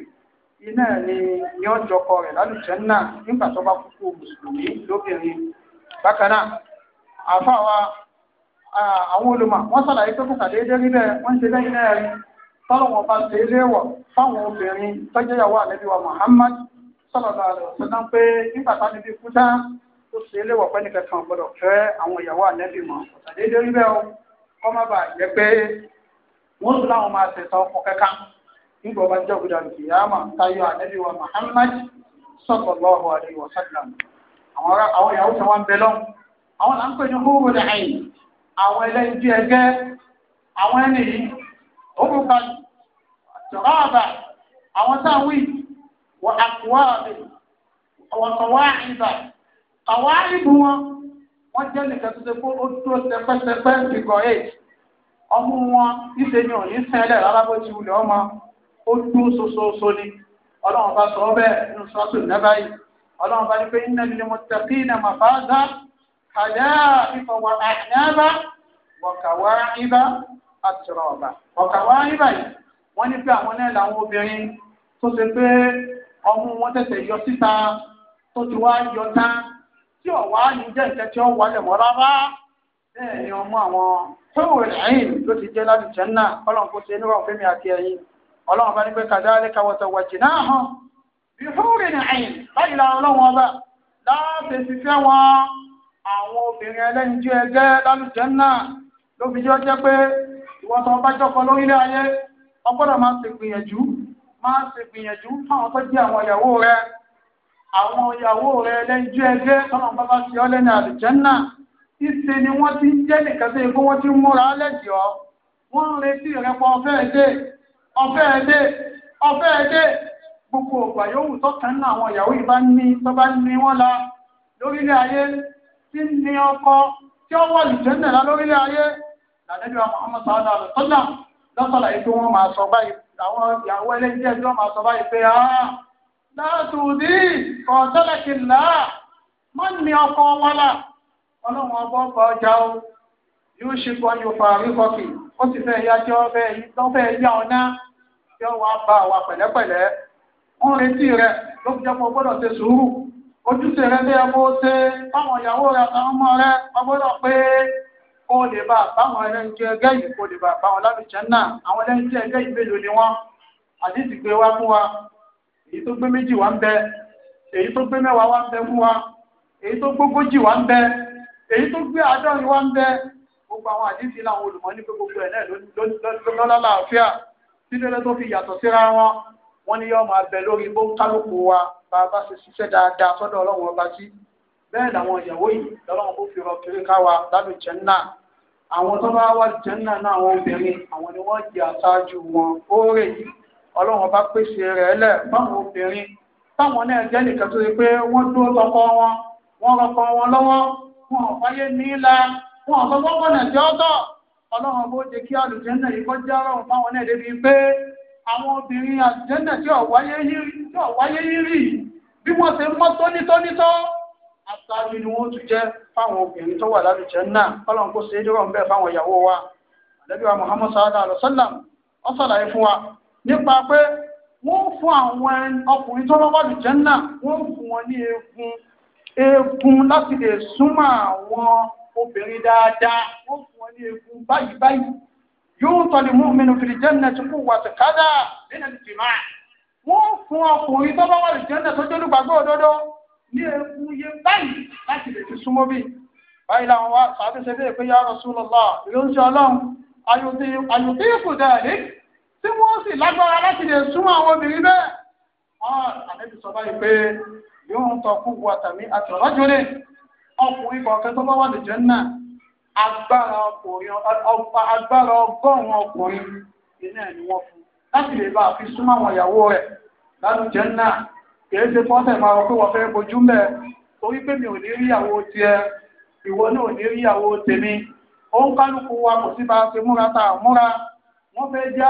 iná ni ni ó jọkọ rẹ̀ lálùjẹ́ náà nígbà tó bá kúkú mùsùlùmí lóbìnrin bákan náà àfa wa àwọn olùmọ̀ wọ́n sàlàyé pé kò kàdéédé rí bẹ́ẹ̀ wọ́n ṣe lẹ́yìn náà rí tọ́lọ́wọ́n bá ṣe é fáwọn obìnrin tọ́jọ́yàwó àlẹ́bí wa Muhammad sọlọ́dọ̀ àlọ́ sọ́dán pé nígbà tá níbi kú tán ó ṣe é léwọ̀ pẹ́nìkan kan gbọ́dọ̀ fẹ́ àwọn ìyàwó àlẹ́bí mọ̀ kò kàdéédé rí bẹ́ẹ̀ o kọ́ má bàa jẹ́ pé wọ́n tún láwọn máa tẹ̀sán ọkọ̀ kẹ́kàn nígbà bá jẹ́ òkúta kìyàmà táyọ̀ ànábì wa Muhammad sallallahu alaihi wa sallam àwọn ìyàwó tí wọ́n ń bẹ lọ́wọ́ àwọn là ń pè ní hóòrò lẹ́yìn àwọn ẹlẹ́yìn bí ẹgẹ́ àwọn ẹni yìí òkúta tọ́rọ̀bà àwọn táwí wọ àkùwàbì ọ̀wọ̀kọ̀wáìbà àwáìbù wọn wọ́n jẹ́ nìkan tó ṣe kó ó dúró sẹpẹ́sẹpẹ́ ìgọ̀ èyí ọmú wọn níṣẹ́ ni ò ní sẹ́lẹ̀ rárá bó ti wulẹ̀ ọmọ ó dúró sososo ni ọlọ́run bá sọ bẹ́ẹ̀ nínú sọ́ọ̀tù nẹ́bàáyì ọlọ́run bá ní pé iná lílé mo tẹ̀kí iná mà bá dá kàdá ìfọwọ́ àyàbá wọ̀kàwá ibà àtìrọ̀ ọ̀bà wọ̀kàwá ibà yìí wọ́n ní pé àwọn náà làwọn obìnrin tó ṣe pé ọmú wọn tẹ̀sẹ̀ yọ síta tó ti wá yọ tán tí ọ̀wá ní jẹ́ nǹkan tí ó wọlẹ̀ mọ́ rárá bẹ́ẹ̀ ni ọmọ àwọn tó wẹ̀rẹ̀ ẹ̀yìn ló ti jẹ́ láti jẹ́ náà kọ́lọ̀ kó ṣe níwọ̀n fẹ́mi àti ẹ̀yìn ọlọ́run bá ní pé kadhalika wa zawwajnahum bi hurin ayn báyìí la ọlọ́run ọba láti ṣiṣẹ́ wọn àwọn obìnrin ẹlẹ́yinjú ẹgbẹ́ lálùjánnà ló fi jọ jẹ́ pé ìwọ tó bá jókòó lórílẹ̀ ayé o gbọ́dọ̀ máa ṣe gbìyànjú máa ṣe gbìyànjú fáwọn tó jẹ́ àwọn ìyàwó rẹ àwọn ìyàwó rẹ ẹlẹ́yinjú ẹgbẹ́ tọ́lọ́run bá bá ṣe ọ́ lẹ́nu àlùjánnà ìṣe ni wọ́n ti ń jẹ́ nìkan tó yẹ wọ́n ti ń múra lẹ́jọ́ wọ́n ń retí rẹ pọ̀ fẹ́ẹ́ ọ̀fẹ́ ẹ̀dẹ́ ọ̀fẹ́ ẹ̀dẹ́ gbogbo ọgbà yòówù tọ́ka nínú àwọn ìyàwó yìí bá ní tó bá ní wọ́n la lórílẹ̀ ayé tí ní ọkọ tí ó wọ̀ lìjẹ́nẹ̀ la lórílẹ̀ ayé làdẹ́bí wa Muhammad sáádà rẹ̀ tọ́jà lọ́sọ̀lá yìí pé wọ́n máa sọ báyìí àwọn ìyàwó ẹlẹ́jẹ́ tí wọ́n máa sọ báyìí pé ah látùdí kọ̀ọ̀tẹ́lẹ̀kìlá má ní ọkọ wọn yóò ṣe kó ayò fa àríkọ́kì ó ti fẹ́ yá jọ́ bẹ́ẹ̀ ya tán ọ̀nà tí wọ́n á bá wa pẹ̀lẹ́pẹ̀lẹ́ wọ́n retí rẹ ló fi jẹ́ o gbọ́dọ̀ ṣe sùúrù ojúṣe rẹ bẹ́ẹ̀ bó ṣe báwọn ìyàwó rẹ àtàwọn ọmọ rẹ pé kó lè bá báwọn ẹgẹ́ yìí kó lè bá báwọn lábìjẹ́ náà wa èyí tó gbé wa èyí gbogbo àwọn àdìsí làwọn olùmọ̀ ní pé gbogbo ẹ̀ náà lọ́lá làáfíà nítorí tó fi yàtọ̀ síra wọn wọn ní yóò máa bẹ lórí bó ń kálukú wa bá a bá ṣe ṣiṣẹ́ dáadáa sọ́dọ̀ ọlọ́run ọba sí bẹ́ẹ̀ làwọn ìyàwó yìí lọ́lọ́run kó fi rọ kiri káwa lálù jẹ́nà àwọn tó bá wà jẹ́nà náà àwọn obìnrin àwọn ni wọ́n jẹ́ àṣáájú wọn óòrè yìí ọlọ́run ọba pèsè rẹ̀ lẹ̀ fáwọn obìnrin táwọn náà jẹ́ nìkan tó rí pé wọ́n dúró tọkọ wọn wọ́n rọkọ wọn lọ́wọ́ wọn ò fáyé nílá wọn ọ̀sán gbọ́gbọ́n náà ti ọ́tọ̀ ọlọ́run bó jẹ́ kí àlùjẹ́ńdà yìí kọ́ jẹ́ ọlọ́run fáwọn náà débi pé àwọn obìnrin àlùjẹ́ńdà tí ọ̀wáyé yírí bí wọ́n ṣe mọ́ tónítónító àtàrí ni wọ́n tún jẹ́ fáwọn obìnrin tó wà lálùjẹ́ńdà ọlọ́run kó ṣe é dúró ńbẹ́ fáwọn ìyàwó wa àdẹ́bíwá Muhammad sallallahu alayhi wa sallam ó ṣàlàyé fún wa nípa pé wọ́n fún àwọn ọkùnrin tó bá wà lùjẹ́ńdà wọ́n fún wọn ní eegun eegun láti lè súnmọ́ àwọn obìnrin dáadáa wọ́n fún wọn ní egun báyìí báyìí yóò tọ́ ni mú mi nùfìlì jẹ́nà tí kò wà tìkádà nínú ìtìmá wọ́n fún ọkùnrin tó bá wà lè jẹ́nà tó jẹ́ olùgbàgbọ́ òdodo ní egun yẹ báyìí láti lè fi súnmọ́ bí báyìí làwọn wá sàbí ṣe bí ìpínyà Rasulullah ìlóńṣẹ Ọlọ́run àyùtí ìkùdà rí tí wọ́n sì lágbára láti lè súnmọ́ àwọn obìnrin bẹ́ẹ̀ wọ́n àlejò sọ báyìí pé yóò ń tọ́kù wọ àtàmì ọkùnrin kọ̀ọ̀kan tó bá wà ní jẹ́nà agbára ọgọ́rùn-ún ọkùnrin iná ẹ̀ ni wọ́n fún láti lè bá fi súnmọ́ àwọn ìyàwó rẹ̀ láti jẹ́nà kìí ṣe fọ́tẹ̀ máa wọ́n pé wọ́n fẹ́ bojú mẹ́ pé mi ò ní rí ìwọ náà ò ní rí tèmi kálukú wa fi múra wọ́n fẹ́ jẹ́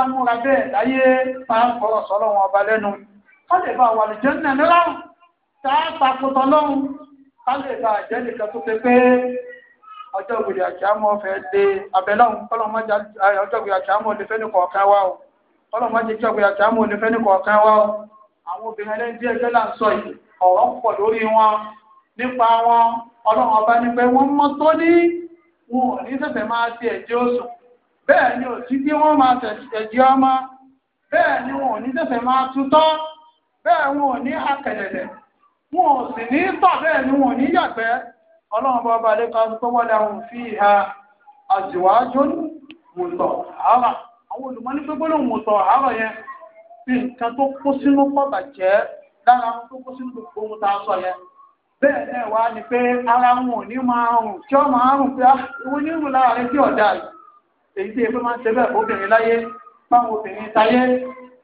ọba lẹ́nu lè bá wà ní jẹ́nà tá ká lè bá àjẹ́ nìkan tó ṣe pé ọjọ́ ìgbèrè àṣàmọ́ fẹ́ dé abẹ́lọ́hùn kọ́lọ́mọ́jà ọjọ́ o obìnrin ndị wọn nípa wọn ọlọ́run ọba ní pé wọ́n mọ́ tó ní wọn ò ní máa ti oṣù bẹ́ẹ̀ ni ò sí wọ́n máa ọmọ bẹ́ẹ̀ ni wọn ò ní máa bẹ́ẹ̀ wọn ò sì ní tọ̀ bẹ́ẹ̀ ni wọn ò ní yàgbẹ́ ọlọ́run bá ba lè ka tó wọlé àwọn òfin ìhà àjùwájú mùtọ̀ àárà àwọn olùmọ́ni pé gbólóhùn mùtọ̀ àárà yẹn bí nǹkan tó kó sínú pọ̀tà jẹ́ lára wọn tó kó sínú gbogbo ohun tá a sọ yẹn bẹ́ẹ̀ náà wá ni pé ara wọn ò ní máa rùn kí ọ máa rùn pé ìwọ ah, ní rùn láàrin kí ọ̀dà yìí èyí tí ebi máa ń ṣe bẹ́ẹ̀ obìnrin láyé báwọn obìnrin táyé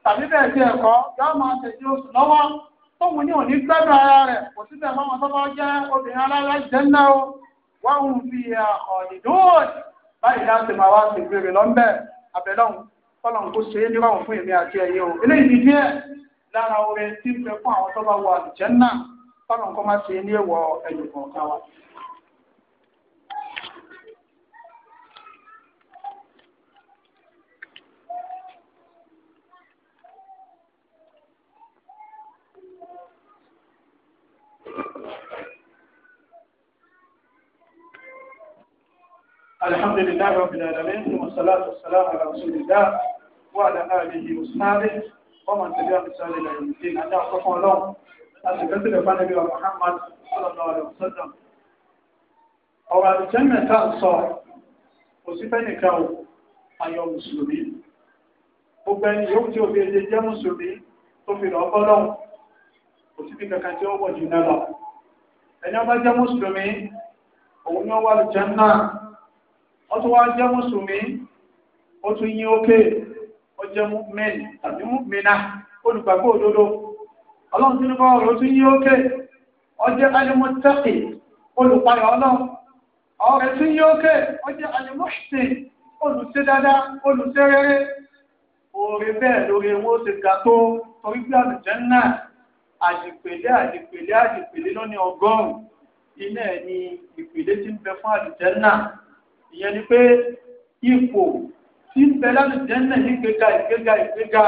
tàbí bẹ́ẹ̀ tí ẹ̀kọ́ yóò máa tẹ̀sí oṣù lọ́wọ́ tóun ní òní gbẹ́dọ̀ ara rẹ̀ kò sí tẹ̀ fáwọn tọ́kọ jẹ́ obìnrin alára jẹ́ ńlá o wọ́n ń fi ọ̀dìdóòdì báyìí láti máa wá sí ìbéèrè lọ́nbẹ̀ abẹ́lọ́hùn fọlọ́n kó ṣe é nírọ̀rùn fún èmi àti ẹ̀yin o eléyìí ni díẹ̀ lára oore tí ń bẹ fún àwọn tọ́ba wọ àlùjẹ́ náà fọlọ́n kó má ṣe é ní èèwọ̀ ẹ̀yìn kọ̀ọ̀kan wa. الحمد لله رب العالمين والصلاة والسلام على رسول الله وعلى آله وصحبه ومن تبعهم بإحسان إلى يوم الدين أن يعطفوا لهم أتكلم عن النبي محمد صلى الله عليه وسلم ọ̀rọ̀ àdìjẹ́mẹ̀ tá ń sọ kò sí fẹ́nìkan ò ayọ̀ mùsùlùmí gbogbo ẹni yóò tí òbí ẹjẹ jẹ́ mùsùlùmí tó fi lọ bọ́lọ́hùn kò sí bí kankan tí ó wọ̀ jù náà ẹni ọba jẹ́ mùsùlùmí òun ni ó wà lùjẹ́ náà ó tún wá jẹ́ mùsùlùmí ó tún yín ókè ó jẹ́ mẹ́rin tàbí mẹ́nà olùgbàgbọ́ òdodo ọlọ́run tún ní bá ọ̀rọ̀ tún yín ókè ó jẹ́ alimọ́tẹ́kì olùpayọ̀ ọlọ́run ọ̀rẹ́ tún yín ókè ó jẹ́ alimọ́ṣẹ́ olùṣe dáadáa olùṣe rere oore bẹ́ẹ̀ lórí owó ti ga tó torí bí àlùjẹ́ náà àdìpèlé àdìpèlé ìyẹn ni pé ipò tí ń bẹ láti jẹ́nà ní ìgbéga ìgbéga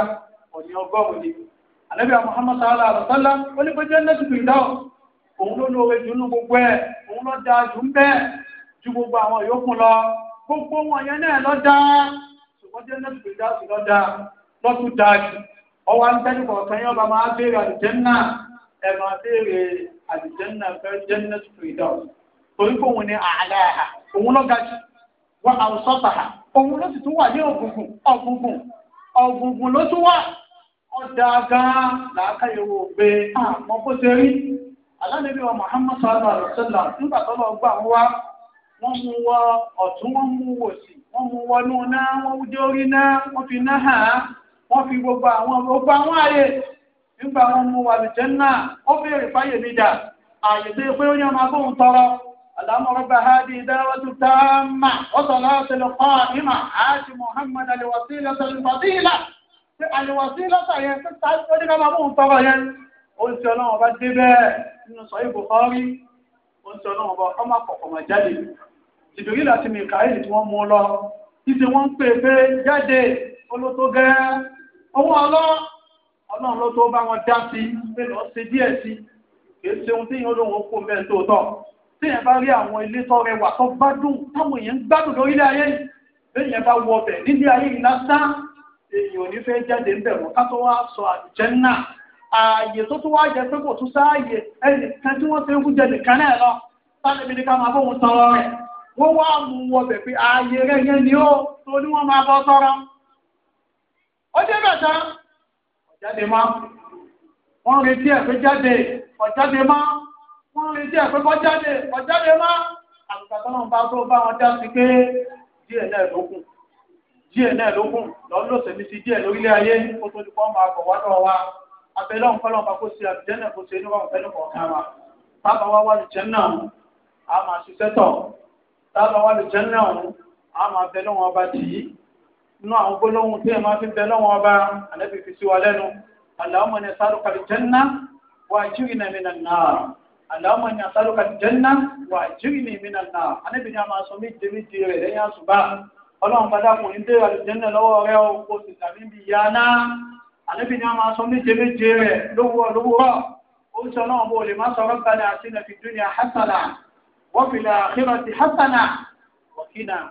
òní ọgọ́rùn ni ànábì Muhammad sallallahu alaihi wa ó ní pé jẹ́nà ti òun ló lóore jù gbogbo ẹ̀ òun jù ń ju gbogbo àwọn yòókù lọ gbogbo wọn yẹn náà lọ ṣùgbọ́n jẹ́nà ti lọ lọ́tún jù ọwọ́ àńtẹ́nì kọ̀ọ̀kan máa fẹ́ jẹ́nà ti torí ni wọ́n àwùsọ ha òun ló sì tún wà ní ògùngùn ọ̀gùngùn ọ̀gùngùn ló tún wà ọ̀dà gan-an làákàyè wò pé àmọ́ kó ṣe rí alánàbí wa Muhammad sallallahu alayhi wa nígbà tó lọ gbà wá fi náà hàn án wọ́n fi gbogbo àwọn gbogbo àwọn ààyè nígbà mú wà lùjẹ́ náà ó béèrè dà tó yẹ اللهم رب هذه دعوة تامة وصلاة القائمة عاش محمد الوسيلة الفضيلة الوسيلة هي تسعد ولك هو طبعا قلت لهم بدبا إن صحيح بخاري قلت لهم بخما فقما جدي جبريل àti mikael tí wọ́n mú lọ títí wọ́n ń pè pé jáde olótó gẹ́ẹ́ owó ọlọ́ ọlọ́run ló tó bá wọn dá sí pé lọ́ọ́ ṣe díẹ̀ sí kì í ṣe ohun tí yóò lóun kó mẹ́ẹ̀ tó tọ̀ téèyàn bá rí àwọn ilé tó rẹwà tó gbádùn táwọn èèyàn ń gbádùn lórílẹ̀ ayé yìí téèyàn wọ nílé ayé sọ ààyè tó tó wá jẹ pé kò tún sáàyè ẹnì kan tí wọ́n ti ń kú jẹ nìkan náà lọ sáré mi ní ká máa sọ̀rọ̀ rẹ̀ wọ́n wá mú wọ́n ń retí ẹ̀pẹ́ kọjáde kọjáde má àgbàgbà tó náà bá tó bá wọn já sí pé díẹ̀ náà ló kù díẹ̀ náà ló kù lọ́n lò sẹ́mi sí díẹ̀ lórílẹ̀ ayé kó tó di kọ́ máa bọ̀ wá lọ́wọ́ wa abẹ́lẹ́ ọ̀nkọ́lọ́ ọba kó ṣe àbíjẹ́ náà kó ṣe inú wọn fẹ́ẹ́ kọ̀ọ̀kan wa tábà wá wà lùjẹ́ náà a máa ṣiṣẹ́ tọ̀ tábà wá lùjẹ́ náà a máa bẹ lọ́wọ́ ọba tì í inú àwọn gbólóhùn tí ẹ máa fi bẹ lọ́wọ́ ọba àlẹ́ fi fi sí wa lẹ́nu àlàó mọ̀ ní sáré kàlùjẹ́ náà wà àlámọ̀ ní àsálùkà jẹ́nà wà jírí ní ìmìnà náà anábìnrin a máa sọ méje méje rẹ̀ lẹ́yìn àṣùbà ọlọ́run padà kò ní dé àlùjẹ́nà lọ́wọ́ rẹ̀ o kò sì tàbí bí ya náà anábìnrin a máa sọ méje méje rẹ̀ lówó lówó ó sọ náà bó lè má sọ rọ́bàdà àti nàfi dúnìá hasana wọ́n fi là àkírọ̀ ti rẹ̀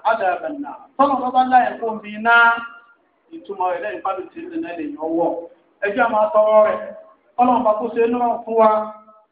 lẹ́yìn pálí ti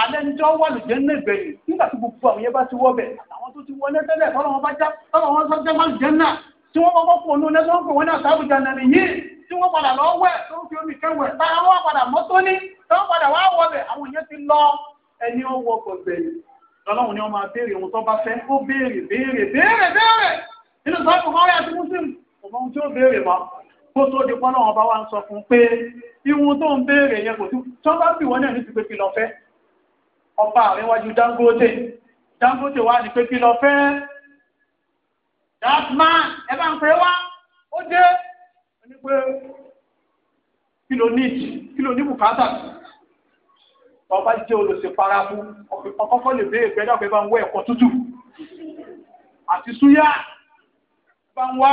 alẹ́ níjọ́ wà lùjẹ́ náà gbẹ̀yìn nígbà tí gbogbo àwọn yẹn bá ti wọ́bẹ̀ àtàwọn tó ti wọlé tẹ́lẹ̀ tọ́lọ̀ wọn bá já tọ́lọ̀ wọn sọ́jẹ́ má lùjẹ́ náà tí wọ́n kọ́kọ́ fún onú lẹ́sọ̀ pé wọ́n ní àṣà àbújá nàní yìí tí wọ́n padà lọ wẹ̀ tó ń fi omi kẹwẹ̀ táwọn wọn padà mọ́tò ní táwọn padà wá wọbẹ̀ àwọn yẹn ti lọ ẹni ó wọ ọkọ̀ gbẹ̀yìn tọ́lọ́hún ni wọ́n máa béèrè ohun tó bá fẹ́ ó béèrè béèrè béèrè béèrè nínú sọ́ọ̀tù kó tó di pọ́n náà wọn ń sọ fún pé ihun tó ń béèrè yẹn kò tó bá bì náà ní ti pé kí lọ fẹ́ ọba àríwájú Dangote Dangote wà ní pé kí lọ fẹ́ dasman ẹ bá ń pè wá ó dé ẹni pé kí ló ní kí ló ní bùkátà ọba jẹ́ olùsèparamu ọkọ̀kọ́ lè béèrè pé dákẹ́ bá ń wọ ẹ̀kọ́ tútù àti súyà bá ń wá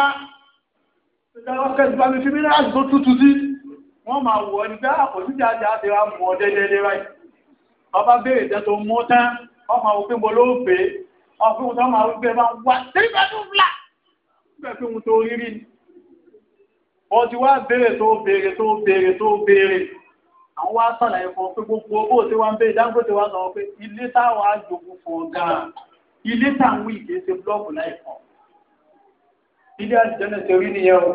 ìdálọ́kẹ́ ìgbàmí fi mí láti tó tútù sí wọ́n máa wọ̀ ọ́ nígbà àpòsíjà ah, àti àti ra mọ̀ ọ́ dẹ́dẹ́dẹ́ báyìí ọba béèrè tẹ́ tó mú tán ọmọ òfin mo ló pè é ọfin tó máa wípé bá ń wá tẹ́lẹ̀ bá tó fúlà bẹ́ẹ̀ fi hun tó rírí ọ ti wá béèrè tó béèrè tó béèrè tó béèrè àwọn wá sàlàyé fún ọ pé gbogbo owó tí wọ́n ń bẹ Dangote wá sọ pé ilé táwọn àjogún fún ọ gan-an ilé táwọn ìdè ṣe búlọ́ọ̀kù láì fọ́ ilé àlùjẹ́nà ti rí nìyẹn o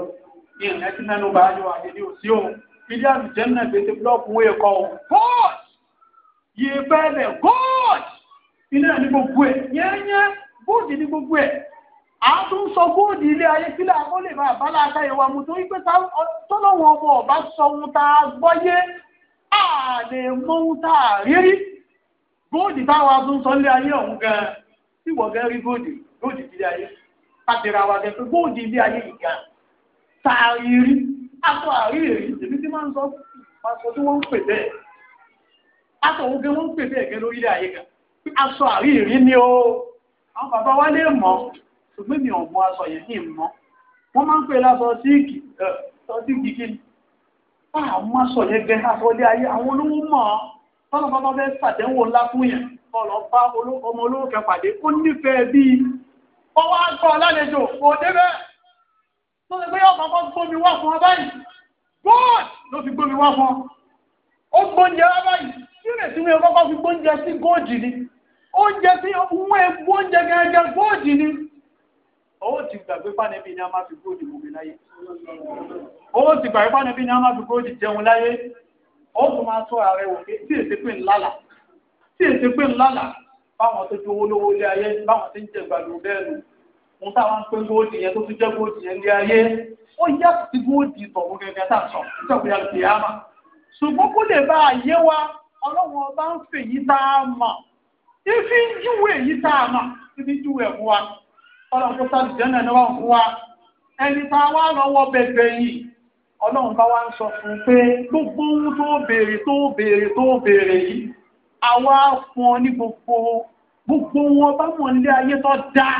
ìrìnlẹ́tí mẹ́nu bá yọ àdédé òsí òun ilé àlùjẹ́nà gbèsè búlọ́ọ̀kù wọ́n yìí bẹ́ẹ̀lẹ̀ góòjì iná ní gbogbo ẹ̀ yẹ́nyẹ́ góòjì ní gbogbo ẹ̀ a tún sọ góòjì ilé ayé sílẹ̀ akọ́lẹ̀ bá àbálá àtàyè wa mu torí pé tọ́lọ́wọ́n ọmọ ọba sọ ohun tá a gbọ́yé a lè mọ ohun tá a rírí góòjì táwa tún sọ ilé ayé ọ̀hún gan-an tí wọ́n gan rí góòjì góòjì ilé ayé pàtẹ́ra wa gẹ́gẹ́ góòjì ilé ayé yìí gan tá a rí rí a tó àríyè rí èmi tí máa ń sọ pàṣẹ tí wọ́n ń pè bẹ́ẹ̀ aṣọ òun gan wọ́n pèsè ẹ̀gẹ́ lórílẹ̀ ayé kan aṣọ àríyìnrí ni o àwọn bàbá wa lè mọ̀ ṣùgbọ́n mi ò mọ̀ aṣọ yẹn ní ìmọ̀ wọ́n máa ń pè lásọ síìkì síìkì kí àwọn aṣọ yẹn gẹ aṣọ ilé ayé àwọn olówó mọ̀ tọ́lọ bàbá fẹ́ ṣàtẹ̀wò ńlá fún yẹn tọ́lọ bá ọmọ olówó kan pàdé ó nífẹ̀ẹ́ bíi ọwọ́ àgbọ̀ lálejò kò débẹ̀ tó ti gbé ọmọ kan gbómi wá fún ọ báyìí bọ́ọ̀d ló fi gbómi wá fún ọ báyìí sílẹ̀ sí mi kọ́kọ́ fi gbóúnjẹ sí góòjì ni oúnjẹ sí wọ́n egbó oúnjẹ gẹ́gẹ́ góòjì ni owó ti gbàgbé fánẹ́bí ni a máa fi góòjì mú mi láyé owó ti gbàgbé fánẹ́bí ni a máa fi góòjì jẹun láyé ó tún máa tó ààrẹ wò pé tí èsì pé ńlálà tí èsì pé ńlálà báwọn tó ju owó lówó lé ayé báwọn tí ń jẹ gbàdúró bẹ́ẹ̀ nu òun táwọn pé góòjì yẹn tó tún jẹ́ góòjì yẹn lé ayé ó yàtọ̀ sí góòjì tọ̀wọ́ gẹ́gẹ́ tá a sọ nítorí àgbè àmà ṣùgbọ́n kó lè bá àyè wa ọlọ́run ọba ń fè yí tá a mọ̀ ifi ń júwe èyí tá a mọ̀ ibi júwe ẹ̀ fún wa ọlọ́run tó sáré jẹ́nà ẹ̀ wọ́n fún wa ẹni tá a wá lọ́wọ́ bẹ̀bẹ̀ yìí ọlọ́run bá wá ń sọ fún un pé gbogbo ohun tó béèrè tó béèrè tó béèrè yìí àwa fún ọ ní gbogbo gbogbo wọn bá mọ̀ nílé ayé tó dá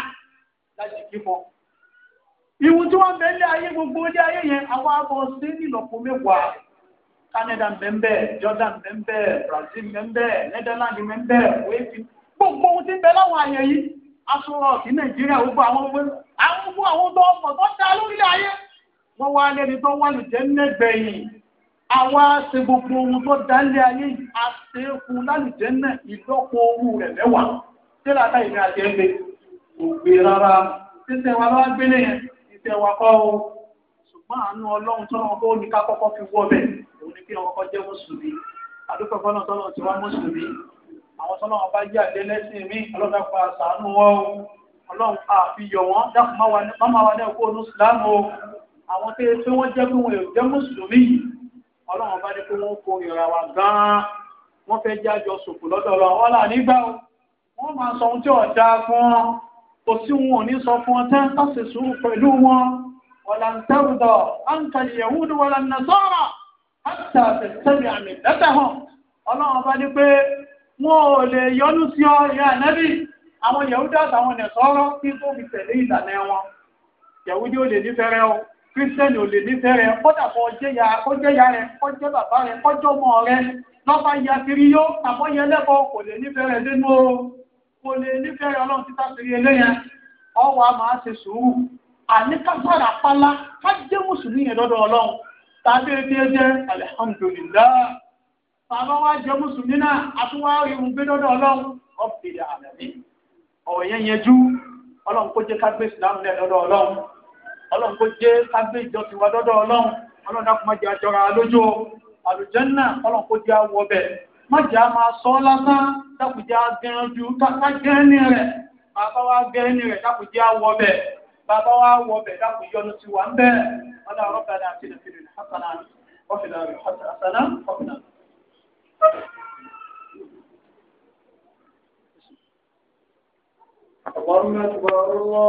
láti kí mọ́ ìwù tí wọ́n bẹ̀ nílé ayé gbogbo nílé ayé yẹn àwa bọ̀ sí nílọ̀pọ̀ mẹ́wàá Canada mbẹ́mbẹ́ Jordan mbẹ́mbẹ́ Brazil mbẹ́mbẹ́ Netherlands mbẹ́mbẹ́ wẹ́ẹ̀fì gbogbo ohun tí ń bẹ láwọn àyè yìí aṣọ ọ̀sìn Nàìjíríà gbogbo àwọn ọmọ àwọn ọmọ àwọn tó ọmọ tó dá lórílẹ̀ ayé wọ́n wá lẹ́ni tó wà lùjẹ́ nẹ́gbẹ̀yìn àwa ṣe gbogbo ohun tó dá lé ayé àṣekun lálùjẹ́ náà ìlọ́pọ̀ owó rẹ̀ mẹ́wàá ṣé làtà ìrìn àjẹ́ ń gbé ògbé rárá títẹ̀ wa lọ́wọ́ gbélé yẹn títẹ̀ wa kọ́ o ṣùgbọ́n àánú Ọlọ́run tó náà kó ní ká kọ́kọ́ fi wọ́ bẹ́ẹ̀ òun ni kí wọn kọ́kọ́ jẹ́ mùsùlùmí adúpẹ́ fọ́nà tọ́lọ̀ tí wọ́n mùsùlùmí àwọn tọ́lọ̀ wọn bá yí àdé lẹ́sìn mí ọlọ́dà pa àṣàánú wọn o ọlọ́run àfi yọ wọn dákun máa wà lẹ́kọ́ onú sílámù o àwọn tẹ́ tí wọ́n jẹ́ pé wọn ò jẹ́ mùsùlùmí ọlọ́run bá ní pé wọ́n kó ìrà wa gan-an wọ́n fẹ́ jájọ sòkò lọ́dọ̀ lọ wọ́n là nígbà o wọ́n máa sọ ohun tí ọ̀dà fún wọn kò sí wọn ò ní sọ fún wọn tán láti sùúrù pẹ̀lú wọn ọ̀làǹtẹ̀rùdọ̀ àǹkàlì yẹ̀wúdú wọ̀làǹnàsọ́rọ̀ ọ̀tà tẹ̀sẹ̀mì àmì lẹ́tẹ̀hàn ọlọ́run bá ní pé wọn ò lè yọnu sí ọ ìyá ànábì àwọn yẹ̀wúdà àtàwọn nẹ̀sọ́rọ́ kí tó fi tẹ̀lé ìlànà wọn ò lè nífẹ̀ẹ́ o kírísítẹ́nì ò lè nífẹ̀ẹ́ ya rẹ kó jẹ́ bàbá rẹ kó ya kiri yó àmọ́ yẹn lẹ́kọ̀ọ́ kò lè nífẹ̀ẹ́ rẹ o kò lè nífẹ̀ẹ́ rẹ ọlọ́run títà ọwọ́ a máa ṣe sùúrù àníkàsára pálá ká jẹ́ mùsùlùmí yẹn lọ́dọ̀ tàbí ẹni ẹ alhamdulillah alihamudulilá tàbá mùsùlùmí náà àtúwá lọ́dọ̀ ọlọ́run ọ̀rọ̀ yẹn yẹjú ọlọ́run kó jẹ́ lọ́dọ̀ ọlọ́run ọlọ́run kó jẹ́ wa lọ́dọ̀ ọlọ́run ọlọ́run dákun má jẹ́ àjọra lójú ọlọ́run kó jẹ́ bẹ̀ má jẹ́ a máa sọ lásán dákun jẹ́ àgẹ́rẹ́jú ká gẹ́rẹ́ ní rẹ̀ bàbá wa gẹ́rẹ́ bàbá wa wọ ọbẹ̀ dàpọ̀ yọnu ti wà ń bẹ̀ ọ̀nà ọ̀rọ̀bàdà àti nàfẹ̀rẹ̀ hasana ọ̀fìnà rẹ̀ hasana ọ̀fìnà. اللهم اكبر الله